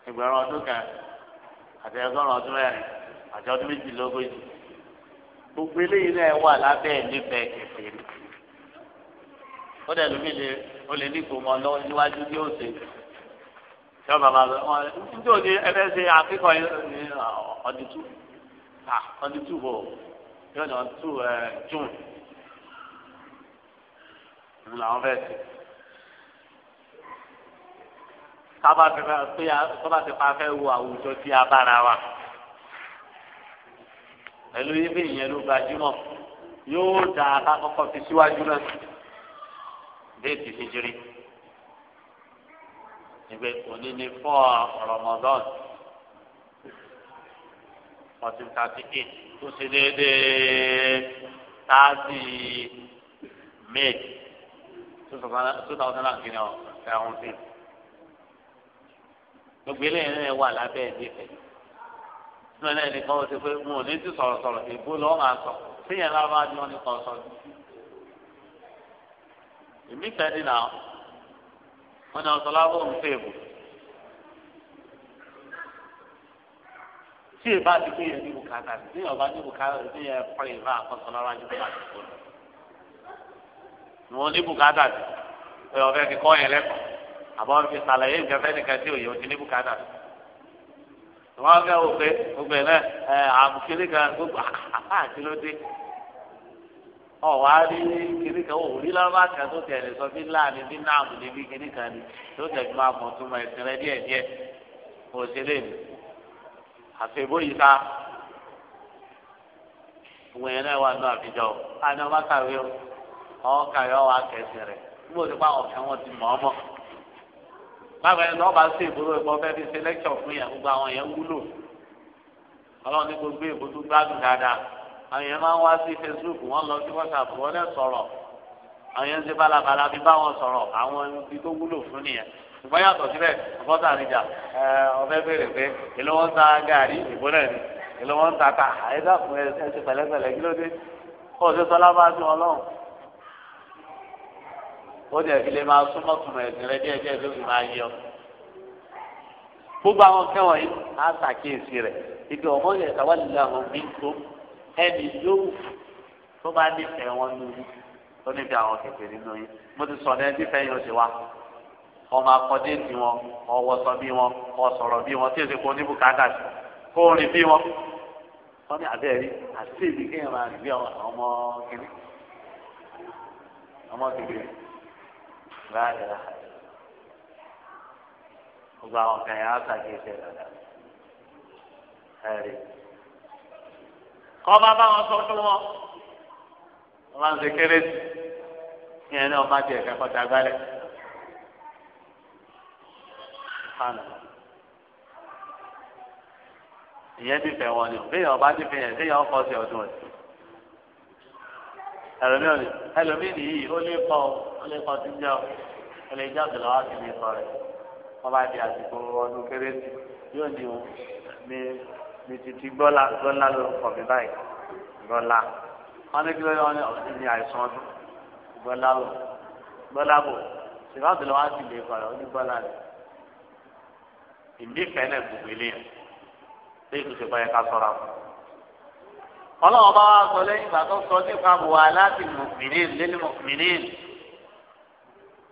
ẹgbẹ̀rún ọdún kan àti ẹgbẹ̀rún ọdún mẹ́rin àti ọdún méjìlélógójì gbogbo eléyìí náà wà lábẹ́ ẹ̀ nífẹ̀ẹ́ kẹfẹ́ ó dẹ̀ lómi lè ó lè ní ìgbòmọ̀ lọ níwájú bí ó ṣe tí wọ́n bàbá wọn níjó ni ẹgbẹ́ ṣe àfikọ́ ọdítù ọdítù bò yóò ní ọdítù june ń làwọn fẹ́ ṣe sábà fẹ́ pé sábà ti fẹ́ wo àwùjọ tí a bára wa pẹ̀lú ibi ìyẹn ló gbajúmọ̀ yóò dáa ká kọ́kọ́ fi síwájú náà déètì hijiri ìgbẹ́ òní ní fọ́ Ramadan fourteen thirty eight tó ṣe déédéé thirty May two thousand and kìíní ọ̀ seventeen gbogbo eléyìí náà wà lábẹ́ ẹ̀ nífẹ̀ẹ́ nínú ẹ̀ nìkan ó ti pé wọn ò ní ti sọ̀rọ̀ sọ̀rọ̀ lọ́wọ́ máa sọ síyẹn lábá ni wọ́n ní kan sọ̀rọ̀ èmi fẹ́ dín náà wọn ni ọ̀sán lábọ̀ ń fẹ́ èbò tí èbá ti gbéyàn ní bùkátà tí ọba ní bùkátà tí yẹ fọ ìbá àkọsọ lọ́wọ́ ajé bùkátà kò lọ. wọn ní bùkátà tí pé ọ̀fẹ́ ti kọ́ yẹn lẹ́kọ̀ọ́ àbọ̀ ń fi sàlàyé nǹkan fẹ́ nìkan tí òye ò ní bùkátà tí wọ́n fẹ́ wò pé gbogbo ẹ̀ náà àmùkiri kan gbogbo àpá àti lóde ọ̀wá rí kiri kan ò rí lọ́wọ́ kan tó tẹ̀lé sọ bí láàrin bí náà mú níbi kiri kan ni tó tẹ̀lé máa mọ̀ tó máa tẹ̀lé díẹ̀ díẹ̀ kò sí lè mú. àfẹ́bó yìí ká ìwọ̀n yẹn náà wà nù àbíjọ o àná ọba kàwé o ọwọ́ kàwé ọwọ́ akẹ́sì rẹ̀ níbo ti pa ọ̀fẹ́ wọn ti mọ̀ ọmọ. báwo ni ọba sí ìbúrò ẹ̀kọ́ fẹ́ fi ṣe lẹ́kṣọ̀ fún yẹn gbogbo àwọn yẹn wúlò ọlọ́run ní gbogbo ìbò gbádùn dáadáa àwọn yẹn máa ń wá sí facebook wọn lọ sí whatsapp wọn lẹ sọ̀rọ̀ àwọn yẹn ń ṣe balabala bí bá wọn sọ̀rọ̀ àwọn ibi tó wúlò fún nìyẹn ṣùgbọ́n yàtọ̀ síbẹ̀ ọ̀pọ̀ta àríjà ọ̀fẹ́ bèrè pé èló wọn ta gàrí ìbọnà ni èló wọn ta ta àyẹ̀dá fún ẹsẹ̀ pẹ̀lẹ́pẹ̀lẹ́ kí ló dé kó o ṣe sọlá bá tún ọlọ́run ó dẹ̀ fi lè máa súnmọ́ túnmọ̀ ẹ̀sìn rẹ díẹ̀ díẹ̀ tó fi máa yọ. gbogbo àwọn kẹwọ̀n yìí á ṣàkíyèsí rẹ̀ ìgbà ọmọ yẹn tàwa lè lè àwọn bí tó ẹnì yòówù tó bá nífẹ̀ẹ́ wọn lórí tó nífẹ̀ẹ́ àwọn kẹ̀kẹ́ nínú yín mo ti sọ̀rọ̀ ẹ nífẹ̀ẹ́ yóò ṣe wa ọmọ akọ́dé ti wọn ọwọ́sọ bí wọn ọsọ̀rọ̀ bí wọn tí èsì kò níbù káàkà sí kó rìn bí wọn. wọ́n ní abẹ́ rí àti èdè kéèyàn máa rìn bí ọmọ kìnnì ọmọ gbogbo àwọn kan yẹn á sàkíyèsí kọ́ba bá wọn sọ fún wọn máa ń ṣe kérésì yẹn náà má tiẹ̀ kẹ́kọ̀ọ́ dagbálẹ̀ ìyẹn ti fẹ́ wọn ni o bí èèyàn ti fi yẹn séèyàn kọ́ sí ọdún rẹ̀ ẹlòmíì òní ẹlòmíì nìyí ó lè kọ́ ó lè kọ́ sí jẹ́ ó lè jẹ́ ọ̀dọ̀ lọ́wọ́ sí ní sọ rẹ̀ wọ́n bá di àsìkò ọdún kérésì yóò ní o ní ní títí gbọ́lá gbọ́lá ló ń kọ̀ mí báyìí gbọ́lá wọn ní kí ló yọ ọdún ní àìsàn ọdún gbọ́lá bò gbọ́lá bò sèwádìí lọ́wọ́ á sì lè kọ̀ọ̀rọ̀ ó ní gbọ́lá rẹ̀ ìmífẹ́ náà gbogbo eléyà lẹ́yìn tó ṣe báyẹ ká sọ́ra fún ọlọ́wọ́ bá wá sọ lẹ́yìn ìgbà tó sọ nípa buwa láti mùmìnín lẹ́nu mùmìnín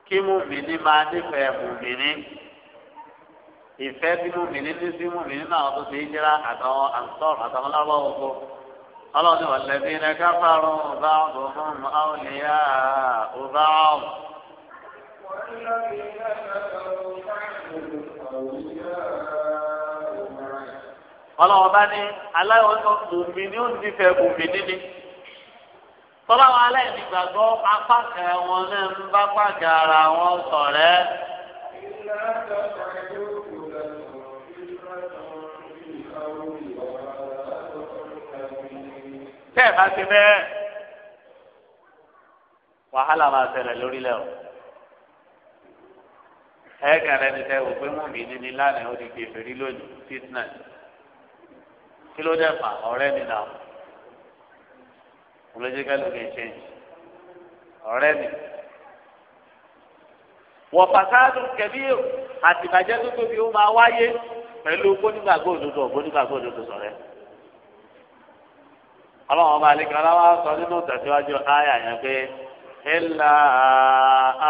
kí mùmìnín máa nífẹ̀ẹ́ mùmìnín ìfẹ́ bí mùmìnì ní sí mùmìnì náà tó ti jẹ́ra àtàwọn àǹtọ́rọ̀ àtàwọn lábọ́ oko ọlọ́run wà lẹ́bí iná káfáró ọba ọ̀gbọ̀n àwòlíyá ọba ọ̀. ọlọ́run bá ní aláwọ̀ mùmìnì ó ti fẹ́ mùmìnì ni tọ́lá wọn aláìní gbàgbọ́ apá wọn náà ń bá pàgà ara wọn sọ̀rẹ́. tẹ́ ẹ̀ bá ti bẹ́ẹ̀ wàhálà máa ṣẹlẹ̀ lórílẹ̀ o ẹ̀ẹ́kẹ̀rẹ́ ni tẹ́ òpin mú mi ní ní lánàá ó di kèfèrí lónìí fitness kí ló dẹ̀ fà ọ̀rẹ́ mi náà olójúkẹ́ ló lè ṣe ọ̀rẹ́ mi wọ́n fàṣáàdù kẹ̀mí o àtìbàjẹ́ tó tóbi ó máa wáyé pẹ̀lú bónígbàgbọ́ òdodo bónígbàgbọ́ òdodo sọ̀rẹ́ ọlọ́run ọba àlekàn láwa sọ nínú tẹ̀síwájú áyà yẹn pé ilà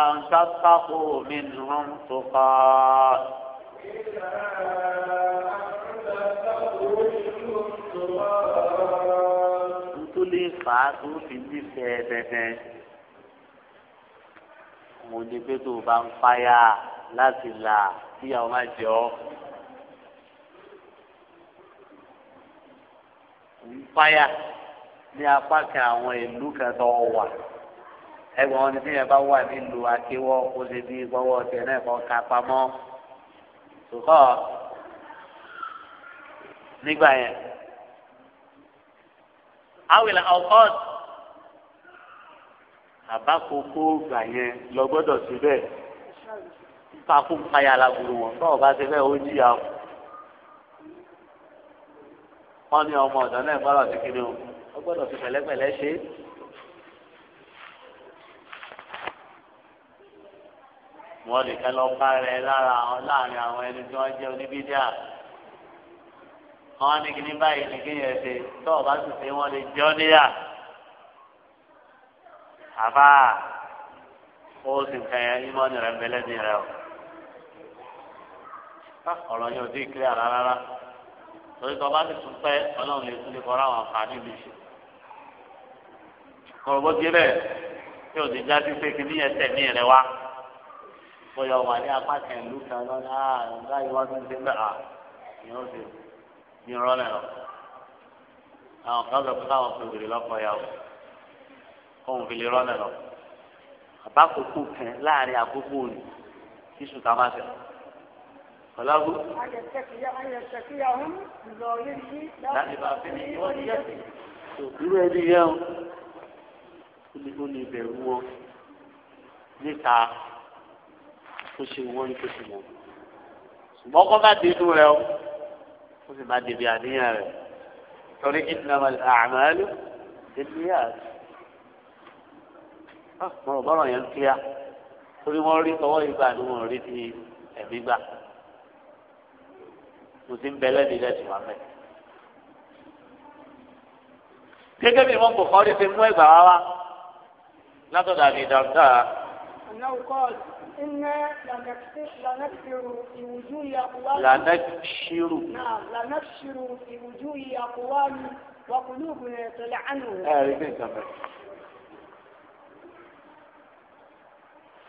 àǹtàkàkù mi nùrùn tó kọ́. tó lè fà á tó fi nífẹ̀ẹ́ dandan mo ní pé tó o bá ń fáyà láti là kíyàwó má jẹ ọ́. ń fáyà ní apá kan àwọn ìlú kan tó wà ẹgbẹ́ wọn ni tí yẹn bá wà nílùú akéwọ́ kó ṣe bí gbọ́wọ́ tẹ náà kọ́ ká pamọ́ ṣùkọ́ nígbà yẹn awìlà ọkọ́t àbákòókò gbà yẹn lọ gbọ́dọ̀ sí bẹ́ẹ̀ làbùrù wọn tọ́wọ́ bá ṣe bẹ́ẹ̀ ó jìyà wọn ní ọmọ ọ̀dọ́ náà gbọ́dọ̀ sí kíni o gbọ́dọ̀ fi pẹ̀lẹ́pẹ̀lẹ́ ṣe. wọ́n nìkan lọ bá rẹ̀ lára láàrin àwọn ẹni tí wọ́n jẹ́ oníbídíà wọ́n á ní kíní báyìí ní kíyẹn ṣe tó o bá sì ṣe wọ́n lè jẹ́ oníyà àbá ó sì kẹyẹ ìmọ̀ọ́nì rẹ̀ ń bẹ lẹ́sìn rẹ̀ o ọ̀rọ̀ yẹn ò tí ì kílẹ̀ rárá torí tó o bá sì tún pẹ́ ọlọ́run lè tún lè kọ́ àwọn àǹfààní mi ṣe kọ̀ọ̀ bó ti bẹ́ẹ̀ tí o ti jáde pé kí níyẹn tẹ̀mí rẹ wá bóyá wà ní apá kẹ̀lú kan lọ́nà àgbà ìwádìí ti bẹ́ẹ̀ à ní o ti ní rọ́lẹ̀ lọ. àwọn kan sọ fún àwọn fèrè lọ́kọ̀ yà wò kóun fi lè rọ́lẹ̀ lọ. àbá kókó kan láàrin àkókò òní kí sùtà má tẹ̀. Kọláwó. Láti bá fi ní ìwọ́n yẹ̀ sí. Irú ẹni yẹn o ní ó ní ìbẹ̀rù wọn níta ó ṣe wọ́n ní tó ti mọ̀ ṣùgbọ́n kọ́ bá dé inú rẹ o ó sì má débi àníyàn rẹ torí ìdínàmọ́ àmàlú débi yá mọ̀rọ̀ bọ́rọ̀ yẹn ń kíá torí wọ́n rí tọwọ́ ìgbà ni wọ́n rí ti ẹ̀mí gbà mo ti ń bẹ lẹ́bi lẹ́sùn wa mẹ́ta bí wọn kò kọ́ ọ́ mú ẹgbà wá látọ̀dọ̀ àmì ìdàgbà. أنه قال إنا لنكسر في وجوه أقوام لنكسر نعم لنكسر في وجوه أقوام وقلوبنا تلعنهم.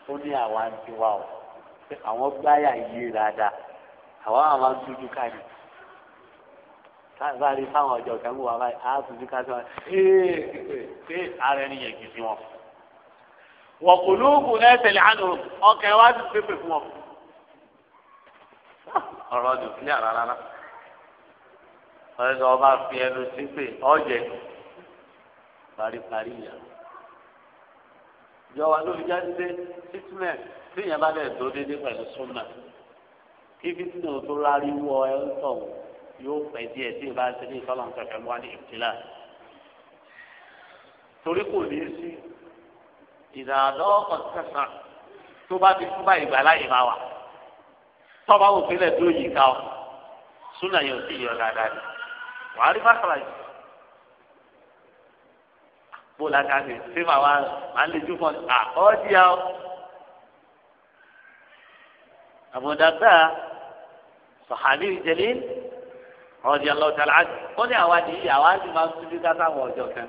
ó ní àwa ń tiwa o pé àwọn gbáyà yé dáadáa àwa àwọn ń tújú ká ní báyìí fáwọn ọjọ́ kan wò wá báyìí á tújú ká sí wọn pé ara ẹni yẹn kì í sí wọn wọ̀kùlùkù ẹ̀ tẹ̀lé àná ọkẹ́ wa ti pépè fún ọ. ọ̀rọ̀ ọdún sílẹ̀ rárá ọ̀rẹ́ sọ ọba fi ẹnu sí pé ọ̀jẹ̀ paríparí yà. ìjọba ló fi jáde pé tí ìyẹn bá dẹ̀ tó dédé pẹ̀lú súnmọ̀ kí fífínà tó rárí wọ ẹ ń tọ̀ yóò pẹ́ díẹ̀ tí ìbá ti ní ìtọ́lọ̀ wá ní ìpìlẹ̀. torí kò ní í sí ìdàlọ́kọ̀ sẹ̀sán tó bá ti fún báyìí gbà láyè máa wà tọ́ba wò pínlẹ̀ tó yìí ká ọ súnà yóò sì yọ dáadáa ni wàá rí bákàrà yìí bó la ká ṣe ṣé màá wá màá lè jú fún ọ àkọ́ọ́dí ya ọ. àbùdàgbà sọ̀hánì ìjẹ̀lẹ̀ ọ̀dì ọlọ́ọ̀tà láti ó ní àwa nìyí àwa sì máa ń tún bí ká sáwọn ọjọ́ kan.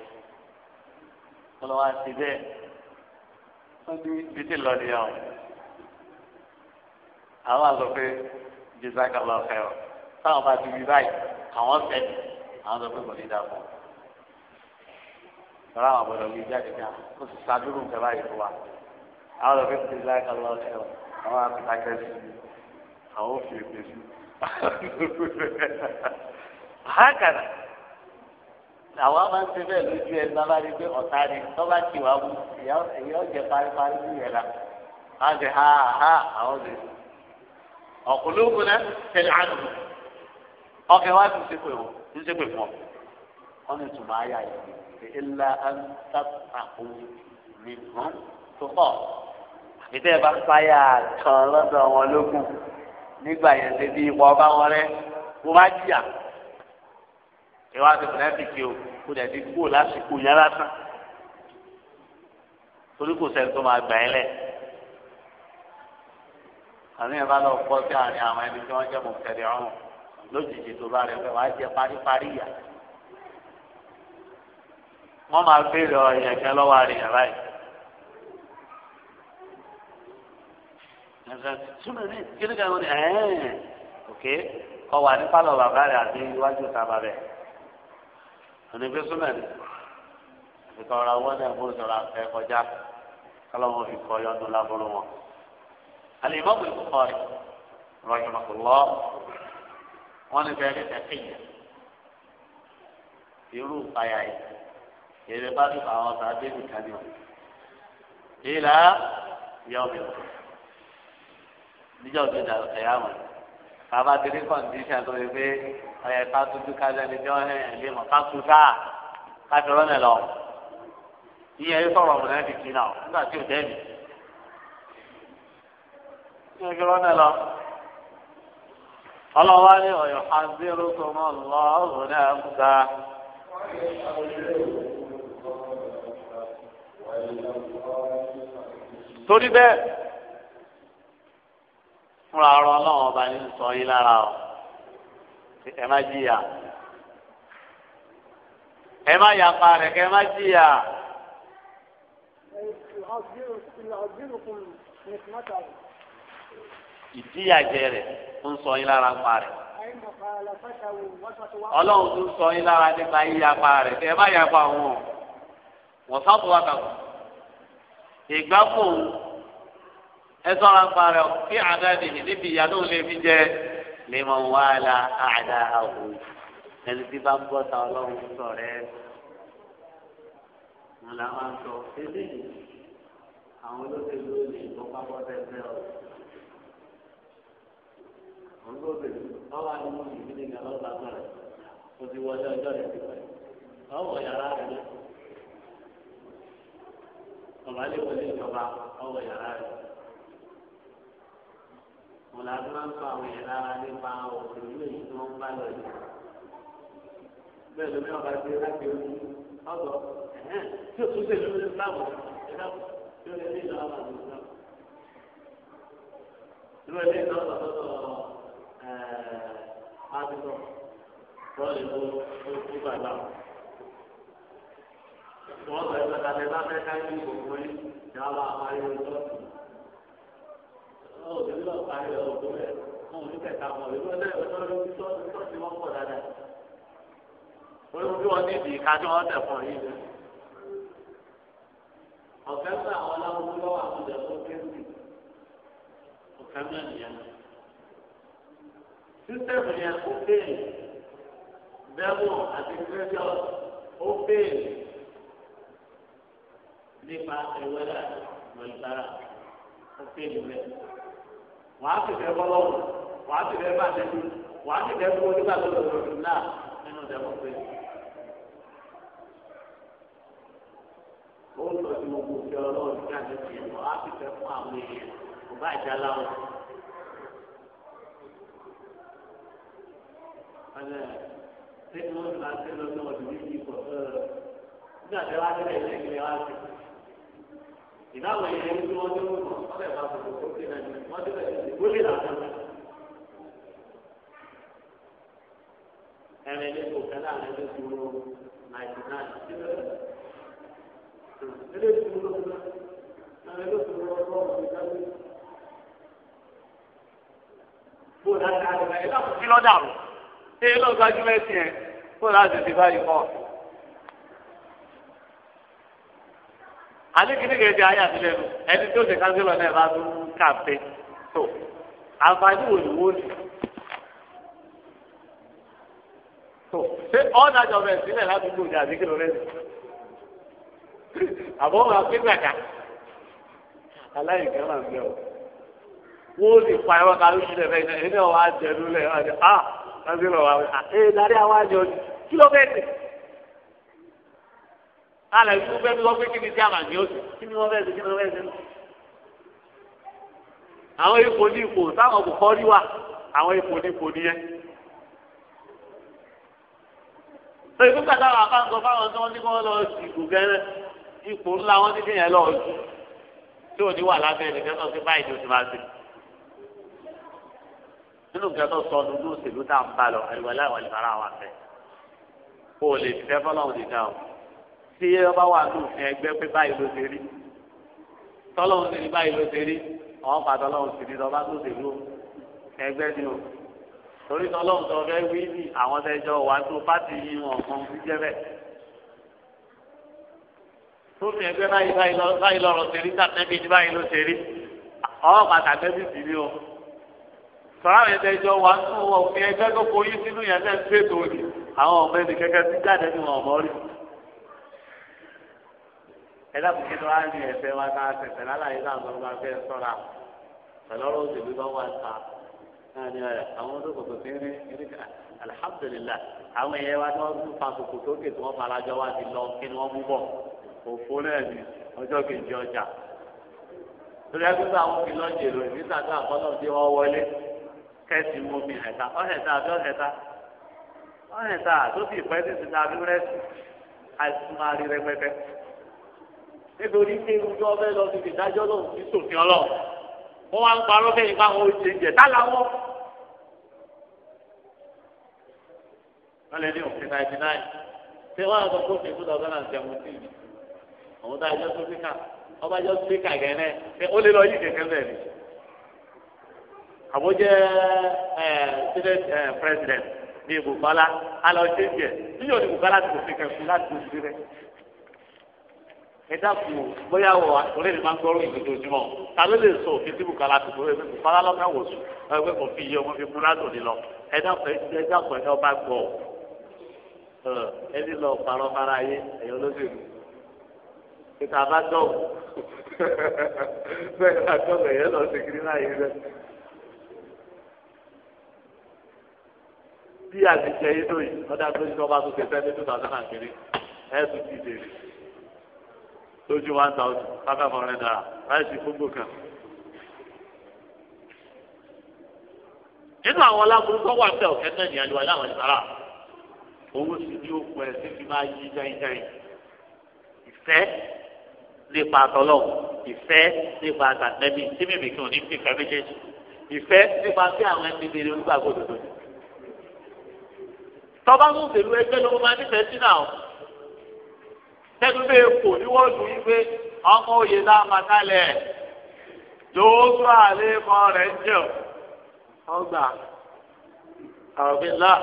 kọlọ wa ti bẹ́ẹ̀ wọn ní títí lọ ni ọ àwọn àgbà pé jesus kàlọ fẹ ọ táwọn bá ti wí báyìí àwọn sẹni àwọn sọ pé kò ní dàbọ tọ́lá àwọn àgbọ̀dọ̀ wí jáde náà ó sì ṣàdúró nǹkan báyìí fún wa àwọn sọ pé jesus kàlọ fẹ ọ àwọn àpètàkẹ́ sí àwọn òfin èpè sí. هكذا àwa máa ń ṣe bẹ́ẹ̀ lójú ẹ bá bá rí pé ọ̀tá ni tọ́ba ti wà wù èyí ọ̀jẹ̀ paríparí bí yẹn la á ṣe ha ha àwọn lè ọ̀kúlùkù náà tẹ̀lé àdùn ọkẹ́ wa ti ṣe pé o ti ṣe pé fún ọ wọ́n ní tùmọ̀ ayé àyè ìlà àǹtàkùn mi hàn tó pọ̀ àbítẹ́ bá fáyà kan lọ́dọ̀ wọn lókun nígbà yẹn ṣe bí ìwọ ọba wọn rẹ mo má jìyà ìwà ti fúnẹ́ẹ̀tì kí o kó dẹ̀ ti kú lásìkò yẹn lásán torí kò sẹ́ni tó máa gbà ẹ́ lẹ̀ àmì ẹ̀ bá lọ pọ́ sí àárín àwọn ẹni tí wọ́n jẹ́ mọ̀ tẹ̀lé ọ̀run lójijì tó bá rẹ̀ fẹ́ wàá jẹ paríparí yà wọ́n máa béèrè ọ̀yàn kẹ́ lọ́wọ́ àríyàn báyìí. kí ni ká ló ní ẹ̀ẹ́n òkè kọ́ wà ní pálọ̀ bàbá rẹ̀ àti iwájú ìta bàbá òní fi súnmẹ̀ ní ìfìkà ọ̀rọ̀ àwọn náà fún ìṣọ̀rọ̀ afẹ́ kọjá kálọ̀mù fi kọ́ yọdún lábúrú wọn. alimọ́bù ìkọ̀rì rọ̀jùmọ̀kùlọ́ wọn ní bẹ́ẹ̀ ní ẹ̀kẹ́yẹ irú ìpayà yìí èrè bá ti fà àwọn tàbí nìkan ni ìlà yọ̀ níjọ́ gbé dàrú ẹ̀yà wọn bàbá ti ní kọ̀ǹdíṣàn tó lè pé ọ̀yẹ̀ ká tuntun ká lẹ́ni jọ́ ẹ̀ lè mọ̀ ká tu sáà ká fi rọ́nà lọ. ìyẹn yìí sọ̀rọ̀ ọ̀rọ̀ náà ti kì í náà nígbà tí ò dẹ́mi. kí ẹ fi lọ. ọlọ́wà ní ọ̀yọ̀ àzírò tó mọ̀ lọ́ọ̀rùn náà ń ga. torí bẹ́ẹ̀. fúnra ọ̀rọ̀ Ọlọ́run ọba ní sọ yín lára o ẹ má jìyà ẹ má yapa rẹ kẹ má jìyà. ìdíyàjẹ rẹ ń sọ yín lára ń pa rẹ ọlọ́run tó sọ yín lára nípa yíyapa rẹ̀ ẹ má yapa wọn wọ́n sábà wà ìgbà ẹsọ la ń parẹ o kí àdá di ní níbi ìyá ló lè fi jẹ lèmọ wà lá àdá àwò ẹni tí bá ń bọ́ ta ọlọ́run sọ rẹ wọn là máa ń sọ ẹbí àwọn olóṣèlú ló lè gbọ́ pápọ́ tẹ́tẹ́ o àwọn olóṣèlú lọ́wọ́ ni mo sì fi ní ìgbàlọ́ gbàgbọ́ rẹ o ti wọlé ọjọ́ rẹ ti pẹ́ ọwọ́ yàrá rẹ lọ ọ̀bá lè wọlé ìjọba ọwọ́ yàrá rẹ ọ̀pọ̀ la máa ń fa àwọn yẹn lára nípa òfin ilé yìí tí wọ́n bá lọ yìí. bẹ́ẹ̀ ló ní ọba ṣe láti ewu ọ̀dọ̀ tí o tún lórí ìsìláàmù ẹ̀dá tí o lè ní ìlànà àti ìsìláàmù. irú ẹni náà lọ sọ́dọ̀ pásítọ̀ bọ́ọ̀lù ló ló kú bàbá. wọ́n sọ ìgbàlódé bá fẹ́ ká ìgbòho yìí ni wọ́n bá parí ọjọ́ ọ ti wọ́n ní ìdí ìka tí wọ́n tẹ̀ fún yìí. ọ̀fẹ́ fún àwọn aláwọ̀ lọ́wọ́ àtúndẹ̀ fún kéńtì ọ̀fẹ́ mẹ́rin yẹn. sísẹ́mù yẹn kò béèrè bẹ́ẹ̀mù àti kírẹ́díọ̀ ó béèrè nípa ẹ̀wẹ́rẹ́ àti mọ̀lẹ́bára ó béèrè bẹ́ẹ̀. wàá sì fẹ́ bọ́ lọ́wọ́ wàá sì fẹ́ bá tẹ́lú wàá sì fẹ́ ụzọ onígbà tó lọ́wọ́ náà nínú democracy. ó ń tọ́jú gbogbo òfin ọlọ́run ní àjọ ti wàá sì fẹ́ fún àwọn èèyàn kò bá ìjà láwọn. Ọ̀nà tí wọ́n ń náà lórí nígbà tí wọ́n á ìdáwọ̀ yẹn ń tí wọ́n mọ̀ ọ̀fẹ́ bá tó tó kí náà wọ́n tó bẹ̀rẹ̀ sí wọlé làwọn. ẹ̀rẹ̀ ní kò fẹ́ láàrin ló ti wọ náà ti bẹ̀rẹ̀. ẹ̀rẹ̀ ti wọ lọ́wọ́ ẹ̀rẹ̀ ló ti wọ lọ́wọ́ ìdáwọ̀ bó dáa ká ló bá yẹ lọ́dà rò ṣé lọ́gbàjú mẹ́sìn ẹ̀ bó dáa ti ti báyìí kọ́. alẹ́ kìíní kìíní ti ayé àtìlẹ́ nu ẹni tó ṣe kánsílọ̀ náà bá tún kàfé tó àǹfààní wò ni wó ni. tó ṣé ọ̀nàjọ bẹ̀ sílẹ̀ ládùúgbò ní àdékìlọ̀ rẹ̀ àbọ̀ wọn á pé gbàgbà aláìkẹ́ máa ń bẹ̀ ọ́ wọ́n sì pa ẹ̀rọ kan lóṣù lẹ́fẹ̀ẹ́ iná ẹ̀ ní ọ̀wá jẹ̀dú lẹ̀ ẹ̀ ẹ̀ ah kánsílọ̀ wa ẹ̀ ah, eh, lárí àwọn àjọ kí ló bẹ́ẹ̀ alẹ tó fẹ́ fi wọ́n pé kí ni tí oṣù kí wọ́n fẹ́ ṣe kí wọ́n fẹ́ ṣe. àwọn ipò ní ipò táwọn kò kọ́ rí wa àwọn ipò ní ipò nìyẹn. sọ ìlú kàtà wà bá sọ fáwọn tí wọ́n ní kí lọ sí ìgò gẹ́rẹ́ ipò ńlá wọn ti dìyẹn lọ ojú tí ò ní wà lábẹ́ ẹnìkan tó ti báyìí ní oṣù máa ṣe. nínú nǹkan tó sọ ọdún ní tá à ń bá lọ àríwá láwọn ìbára wa fẹ́ tí ọba wà ní òfin ẹgbẹ́ pé báyìí ló ṣe rí tọ́lọ́hún ní báyìí ló ṣe rí ọ̀hún pàtó ọlọ́hún sì ní ọba tó ṣe ló ẹgbẹ́ ni o torí tọ́lọ́hún tó fẹ́ wí ní àwọn ẹjọ́ wà tó pátì yìí wọn kan fi jẹ́ bẹ́ẹ̀. tófin ẹgbẹ́ báyìí lọ́rọ̀ ṣe rí tàbí ní báyìí ló ṣe rí ọ̀hún pàtàkì ẹbí sì ní o. sọ̀rọ̀ ẹ̀ẹ́dẹ́jọ́ wà tó òfin ẹgbẹ́ tó kọ ẹ dákun kí wá ní ẹsẹ̀ wa ká ṣẹ̀ṣẹ̀ lálàyé náà bá fẹ́ ṣọ́ra pẹlọrọ òṣèlú bá wà ta náà ni ẹ àwọn olókòkò tí ń rí ní ká alihamudulila àwọn ẹyẹ wa ni wọn tún fa kòkò sókè tí wọn fara jọ wá ti lọ kí ni wọn mú bọ òfo náà ni ọjọ́ kejì ọjà torí ẹgbẹ́ tó àwọn fi lọ́ọ̀jì èrò ìgbésà tó àkọ́tọ̀ tí wọ́n wọlé kẹ́sì mú mi ẹ̀ta ọ̀hẹ̀ta àbí ọ̀hẹ̀ta ọ̀hẹ̀ta tó fi ìpẹ́ títí ta abúrẹ́sì àìsùn máa rí rẹpẹtẹ nítorí pé ojú ọbẹ̀ lọ sí ìdájọ́ lòun ti sòfin ọlọ́run wọ́n wá ń parọ́ bẹ́ẹ̀ nípa àwọn oṣù jẹ̀ táláwọ́. wọ́n lè ní òfin náírà náírà ṣé wọ́n á sọ pé òfin fúdà ọ̀gá seventeen àwọn tó àjọ tó fíkà ọba àjọ tó fíkà gẹ̀ẹ́nẹ́ ṣé ó lè lọ yí kẹ̀kẹ́ bẹ́ẹ̀ ni. àbójẹ́ ẹ̀ student ẹ̀ president ní ibùkọ́lá alọ́ ṣe jẹ́ níyọ̀ ní ibùkọ́lá ti kò fi kẹ̀kẹ́ láti kò sí rẹ̀ ẹ dákun o bóyá wọ àtúrẹ́ ní máa ń gbọ́rọ̀ ìdójúmọ́ ta ló lè sọ òfin tí bùkálá ti gbọ́ ẹgbẹ́ bùkálá lọ́kà wò sùn ẹgbẹ́ kò fi iye wọn fi múra dòní lọ ẹ dákun ẹ dákun ẹ ọba gbọ́ ẹ ní lọ parọ́ fara yé ẹ̀yọ́ lóṣèlú ìta bá dọ̀ bẹ́ẹ̀ bá dọ̀ ẹ̀yọ́ lọ sí kiri láyé rẹ. bí àti jẹ́ yín lóyìn ọ̀dà tó ń sọ bá tó ṣe fẹ́ ní two thousand and three ẹ̀ tún ti dèrè tójú one thousand five hundred naira láìsí fúngbò kan. nínú àwọn aláburú tó wà bẹ́ẹ̀ ọ̀kẹ́ náà ní aliwa láwọn ìsàrà owó sì ní òkú ẹ̀ sí fi máa yí jẹ́rìndẹ́rìn ìfẹ́ nípa àtọ́lọ́ ìfẹ́ nípa àtàtẹ́bí tí mímì kí òní fi fẹ́ méjèèjì ìfẹ́ nípa bí àwọn ẹni bèrè olúgbàgbọ́ òdodo. tọ́ba ń sèlú ẹgbẹ́ ló máa nífẹ̀ẹ́ sí náà tẹ́gbẹ́ èkó ni wọ́n dùn yín pé ọmọ òye náà máa kálẹ̀ lóòótọ́ àlẹ́ mọ́ rẹ̀ ń jẹ́ ọgbà àròbíńlá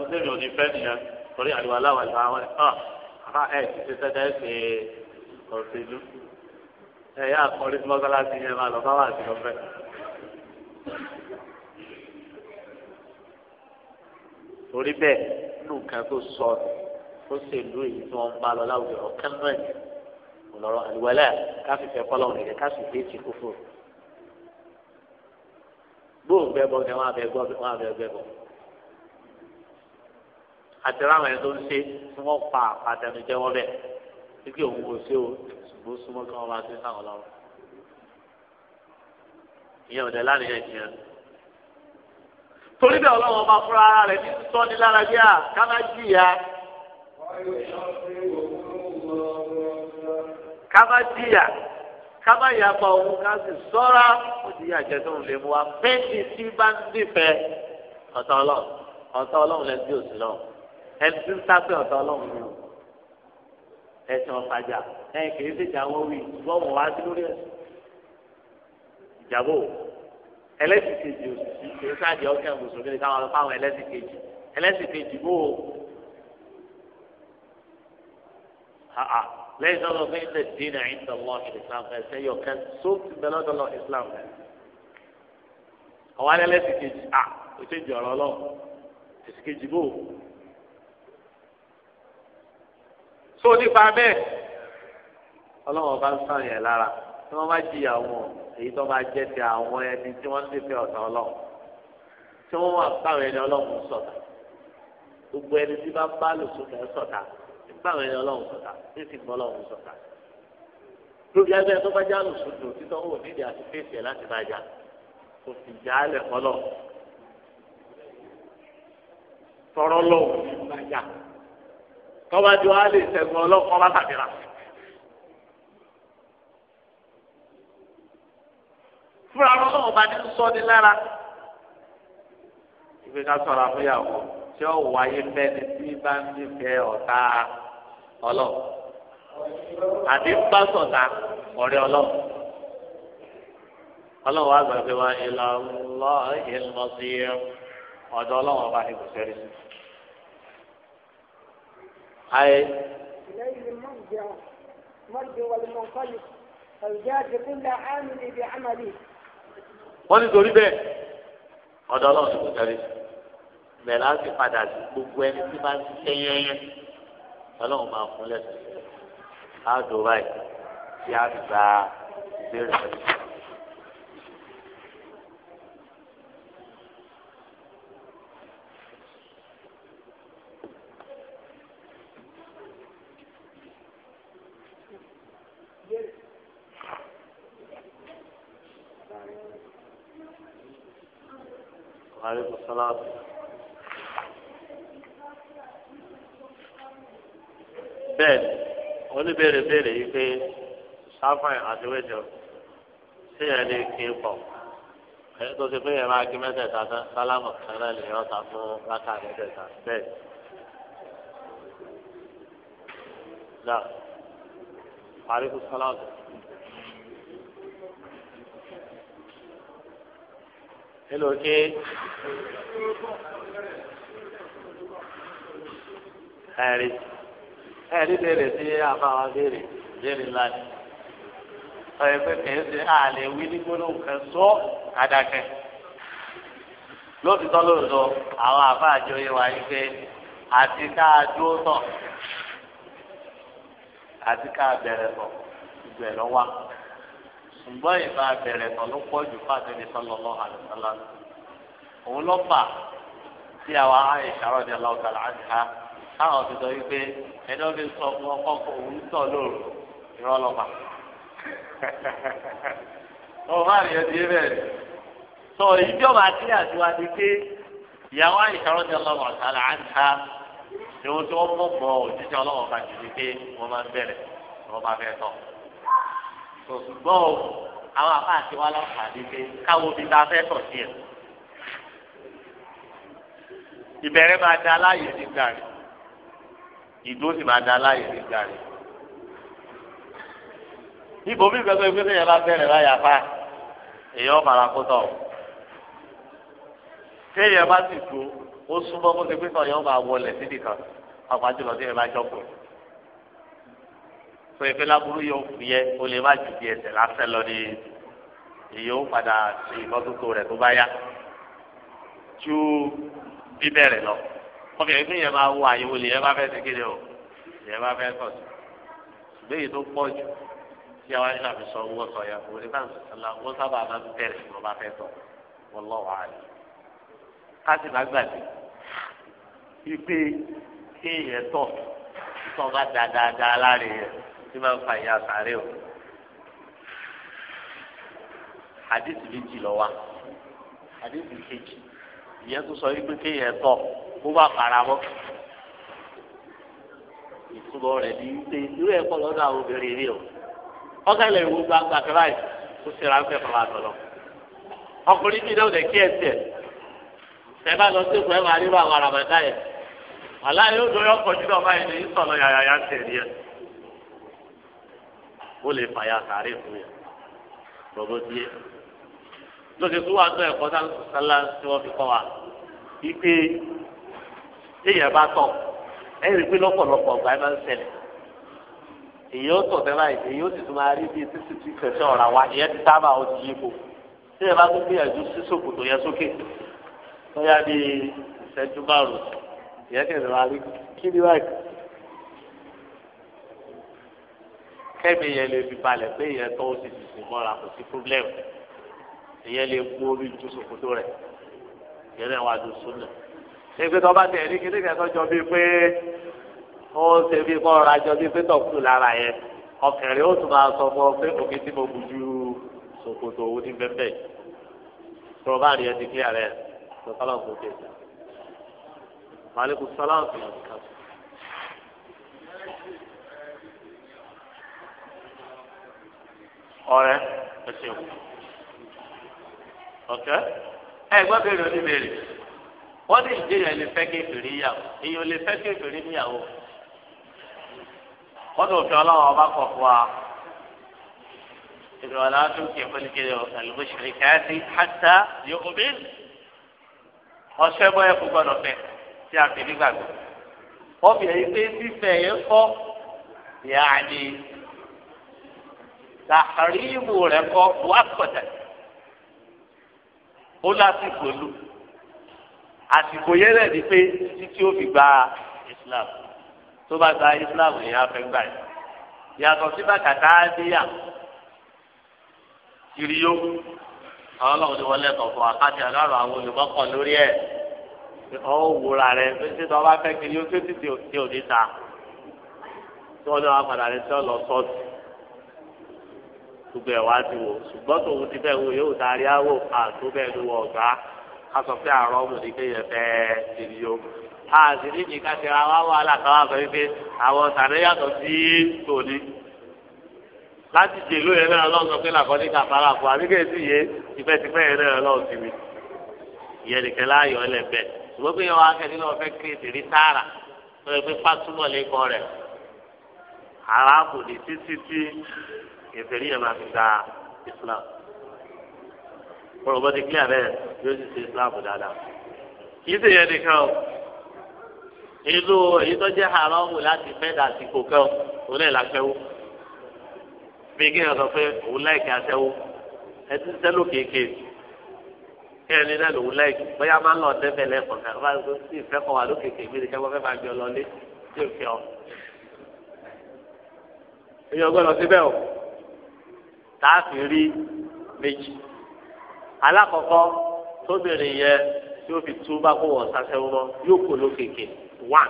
ọ̀sẹ̀mi ò ní fẹ́ nìyẹn torí àdìwà aláwọ̀ àdìwà àwọn ẹ̀ ọ̀ àbá ẹ̀ ti ṣe sẹ́dẹ̀ ṣe òṣèlú ẹ̀ yá àkọọ́lẹ̀ tí mọ́sálásí yẹn máa lọ bá wà sí lọ́fẹ́. torí bẹ́ẹ̀ nù kan tó tó ṣe ìlú èyí tí wọ́n ń bá lọ láwùjọ kẹ́mẹ́rẹ́ ọ̀lọ́rọ̀ àlùwẹ̀lẹ̀ káfífẹ́ fọlọ́ nìyẹn káfífẹ́ ti kú fún un. bóun gbẹ bọ kẹ wọn abẹ gbọ wọn abẹ gbẹ bọ. àtẹ̀rẹ́ àwọn ẹni tó ń ṣe tí wọ́n pa àtẹnujẹ́ wọn bẹ̀ títí òun kò ṣe o ṣùgbọ́n súnmọ́ kí wọ́n bá ṣe sáwọn lọ́rùn. ìyẹn ọ̀dẹ̀ láníyàn ìyẹn torí bẹ́ẹ̀ ọlọ́run ọba fúnra rẹ̀ ti sọ́ni lára bí i à ká má kaba diya kaba yaba òun ká sì sọ́ra ti yà jẹ́ tóun lè mú wa bẹ́ẹ̀ni tí bá ń dìfẹ́ ọ̀tọ̀ ọlọ́run ọ̀tọ̀ ọlọ́run lẹ́nu tí ò sí lọ́run ẹni tí ń sáfẹ́ ọ̀tọ̀ ọlọ́run ni o ẹ̀sìn ọ̀fàjà ẹ̀yìn kìí ṣèjà wọ́n wí lọ́wọ́ wá sí lórí ẹ̀sìn ìjàbọ̀ ẹlẹ́sìn kejì òṣìṣẹ́ ìṣáàjì ọ̀kẹ́ mùsùlùmí káwọn ọlọ́pàá àwọn ẹlẹ́sìn kejì ẹlẹ́sìn kejì bó o. àà lẹ́yìn tó lọ fún ilé dínà ìdánwò islam ẹsẹ̀ yọ kẹ́ sóòtù bẹ́ẹ̀ lọ́dọ̀ lọ islam rẹ̀ ọwọ́ alẹ́ lẹ́sìn kejì à ó ṣe jọ̀rọ̀ lọ ẹ̀sìn kejì bò tó nípa bẹ́ẹ̀ ọlọ́wọ́n bá ń sàn yẹn lára tí wọ́n bá jìyà wọn èyí tó bá jẹ́ ti àwọn ẹni tí wọ́n ń lè fẹ́ ọ̀tá tí wọ́n wà sáwọn ẹni ọlọ́run sọ̀tà gbogbo ẹni tí bá bá lòsùn kẹ́ sọ̀tà báwọn ẹni ọlọ́run sọ̀tà ní sì gbọ́ ọlọ́run sọ̀tà lórí abẹ́rẹ́ tó bá já lùsùdù títọ́ wò nídìí àti fèsì ẹ̀ láti bá já kò sì já lẹ̀ kọ́lọ̀ tọrọ lọ́wọ́ ní bá já tọ́ba ju wa lè sẹ́gun ọlọ́kọ́ bá tàbí rà. fúra ọlọ́wọ́ bá ní sọ́ ní lára ìgbéga sọ̀rọ̀ àfúyàwó tí ó wáyé fẹ́ni tí bá ń bí fẹ́ ọ̀tá ọlọ àti pásọta ọ̀rẹ́ ọlọ ọlọ́run wa gbàgbé wa ìlà lọ ìlọ sí ọ̀dọ̀ ọlọ́run ọba ni kò sẹrí sí. ayé. wọ́n ní torí bẹ́ẹ̀ ọ̀dọ̀ ọlọ́run ni kò sẹrí sí bẹ́ẹ̀ láti padà sí gbogbo ẹni tí bá ń ṣe ọlọ́run máa fún lẹ́sìn á dùn báyìí tí a gba ìbéèrè pẹ̀lú. عليكم السلام oníbèrè béèrè yìí pé sáfàn àti wẹ́jọ sí yẹn lè kí pọ̀ ẹ tó ti pé yẹn máa kí mẹ́tẹ̀ẹ̀ta sálámù kan náà lè yọ̀ọ́ta fún rákà mẹ́tẹ̀ẹ̀ta bẹ́ẹ̀. لا عليكم السلام hello ke Harris ẹ̀rí béèrè sí àbáwá béèrè béèrè láti ọ̀yẹ́ pé kìí ṣe àlè wí ní gbólóhùn kan sọ àdàkẹ́ lóòtítọ́ lóòótọ́ àwọn àfáàjọ yẹ wáyé pé àti ká dúró tọ̀ àti ká bẹ̀rẹ̀ tọ̀ ìgbẹ́ lọ wá ṣùgbọ́n ìbá bẹ̀rẹ̀ ló pọ̀ jù fún òun àti ha. káwọn ti sọ wípé ẹni ó lè sọ fún ọkọ òun tọ̀ lóru ìrọ̀ lọ́pàá. ọ̀hún àríyàn ti bẹ́ẹ̀ ni. sọ ìjọba àti àtiwájú pé ìyàwó àyíká rọ́jà lọ́wọ́ àtàlà àńká ni wọ́n tí wọ́n mọ̀ mọ́ òjíṣẹ́ ọlọ́wọ́ kan jù ní pé wọ́n máa ń bẹ̀rẹ̀ wọ́n máa fẹ́ tọ̀. ṣùgbọ́n o àwọn àbá àti wàhálà pàdé pé káwọn omi bá fẹ́ tọ̀ sí ẹ̀. ìbẹ̀rẹ̀ máa da aláyè nígbà rẹ̀ ìdó sì máa da láàyè nígbà rẹ̀. ibo mi gbẹgbẹ gbẹgbẹ yẹn bá bẹ̀rẹ̀ láyà fa èèyàn fara kó tọ̀ téèyàn bá sì tó ó súnmọ́ kó ti pín sọ̀yàn máa wọlé síbi kan àwọn àjùlọ tí yẹn bá jọ pé sọ ìfẹ́ láburú yóò fi yẹ o lè má ju bí ẹsẹ̀ lásẹ̀ lọ ní èèyàn padà ṣe ìmọ́tótó rẹ̀ tó bá yá ju bíbẹ̀rẹ̀ lọ ọmọ ẹgbẹ́ yẹn máa wọ àyẹ̀wò lè yẹn bá fẹ́ segin o lè yẹn bá fẹ́ sọ̀ sí ṣùgbọ́n èyí tó pọ̀ jù tí a wá ní láti sọ owó sọ ya wọlé bá ń sọ̀tàlá wọ́n sábà máa ń bẹ̀rẹ̀ tí wọ́n bá fẹ́ sọ wọ́n lọ́ wà á yìí. ká sì gbàgbé ipe kéèyàn tọ̀ tọ́ bá da dáadáa láre yẹn tí máa ń fa ìyá sàárẹ̀ o. àdìsí méjì lọ wa àdìsí kejì ìyẹn tó sọ wípé kéèyàn tọ̀. kó bá fara mọ́ ìtumọ̀ ní ṣe irú o ọkàn lè wo gbangba kẹfà yìí kó ṣera ń fẹ́ fọwọ́ àtọ̀lọ́ ọkùnrin bíi náà lè kí ẹ tiẹ̀ sẹ́fà lọ sí ìpẹ́ máa nínú àwọn yóò báyìí ní ó lè fàyà sàárè fún gbogbo lókè tó wà tó sálá tí fi wa téèyàn bá tọ̀ ẹ rí i pé lọ́pọ̀lọpọ̀ ọ̀gbà ẹ máa ń ṣẹlẹ̀ èyí ó tọ̀ tẹ́lá yìí èyí ó sì tún máa rí bíi títí tí kẹsàn ọ̀rà wa ìyẹn ti tábà ó ti yípo téèyàn bá tún gbìyànjú sí sòkòtò yẹn sókè lọ́yà bíi ìṣẹ́jú márùn ìyẹn kẹsàn máa rí kí ni báyìí. kẹ́mi yẹn lè fi balẹ̀ pé ìyẹn tó ó sì ti sìn mọ́ra kò sí pírọ́blẹ́mù ìyẹn lè gbórí ju sòkòtò rẹ̀ ìyẹn náà wà lóṣù náà ẹgbẹ́ tó bá tẹ̀ ní kíní kẹ́kọ̀ọ́ jọ bíi pé ó ṣe bíi kọ́ ọ̀rọ̀ àjọ bíi pé tọ̀kùtù lára yẹn ọkẹ̀rẹ̀ ó tún máa sọ fún ọ pé òkè tí mo bù ju ṣòkòtò owó ní bẹ́ẹ̀ tọrọ bá rí ẹ ti kílíà rẹ lọ sálọ̀ fún òkè ìjà màálíkù sálọ̀ fún ìjà. ọ̀rẹ́ ẹ ṣeun ọ̀kẹ́ ẹ gbọ́dọ̀ èrè oníbèrè wọ́n ní ìdíyẹ lè fẹ́ kékeré yàwó èyàn lè fẹ́ kékeré níyàwó wọ́n tó fi ọlọ́wọ́ ọba kọ̀ fún wa ìgbà wàlá tó kí ẹ̀fọ́ ní kéde àlùmọ́sirì káyàtì hàtà yòókù bí ọ̀sẹ̀ bọ́ ẹ̀kú gbọ́dọ̀ fẹ́ tí a fi nígbàgbọ́ wọ́n fi ẹ̀yìn pé fífẹ́ yẹn kọ́ yàní tàhárìmù rẹ̀ kọ́ wákọ̀tà ó láti pẹ̀lú àsìkò yẹn lẹ̀ ni pé títí ó fi gba islam tó bá gba islam yẹn á fẹ́ gbà yìí yàtọ̀ sí bàtàkà àdéhà kiriyó àwọn ọlọ́run ti wọlé ẹ̀kọ́ fún akáṣí aláàrọ̀ àwọn olùkọ́kọ̀ lórí ẹ̀ ọ̀ wúra rẹ̀ pé tó bá fẹ́ kiriyó tó ti ti òde ta tí wọ́n ní wọn padà rẹ̀ tí wọ́n lọ sọ́ọ̀tì gbogbo ẹ̀ wá ti wò ṣùgbọ́n tòun ti bẹ́ẹ̀ wo yóò darí àwò àtó ọ̀gá a sọ pé àrọ ọmọ ní kéèyàn fẹ́ tèmi yó a sì ní ìdíkà ti ra wá wà látàwọn àgbẹ̀ wípé àwọn sàrẹ́ yàtọ̀ sí tòní láti jèlú yẹn náà lọ́wọ́ sọ pé làkọ́ ní kàfàrà fún àbíkẹ́sì yé tipẹ́tipẹ́ yẹn náà lọ́wọ́ sí mi ìyẹn nìkan láàyò ẹlẹ́bẹ̀ ṣùgbọ́n pé yẹn wá kẹ́ni lọ́wọ́ fẹ́ kéèsì rí sára lọ́wọ́ pé fásúmọ̀ Islam kọlọ bọ́ ti kílẹ̀ bẹ́ẹ̀ yóò sì ṣe islam dáadáa. kìí ṣe yẹn nìkan o inú èyí tó jẹ́ haramu láti fẹ́ dà sí kòkẹ́ o òun náà làṣẹwó bí kí èèyàn sọ pé òun láìkí aṣẹwó ẹ ti sẹ́lò kéèké kí ẹni náà lòun láìkí bóyá máa ń lọ dẹ́bẹ̀ lẹ́kọ̀ọ́ náà bá tó sì fẹ́ kọ́ wà lókèké bí nìkan wọ́n fẹ́ máa gbé ọ lọ lé tí ò fi ọ. èèyàn gbọ́dọ̀ síbẹ̀ o tá a fi rí méjì alákọ̀ọ́kọ́ tóbìnrin yẹn yóò fi tú bá kó wọ̀ sáfẹ́wọ́ mọ́ yóò kó ló kéèké wán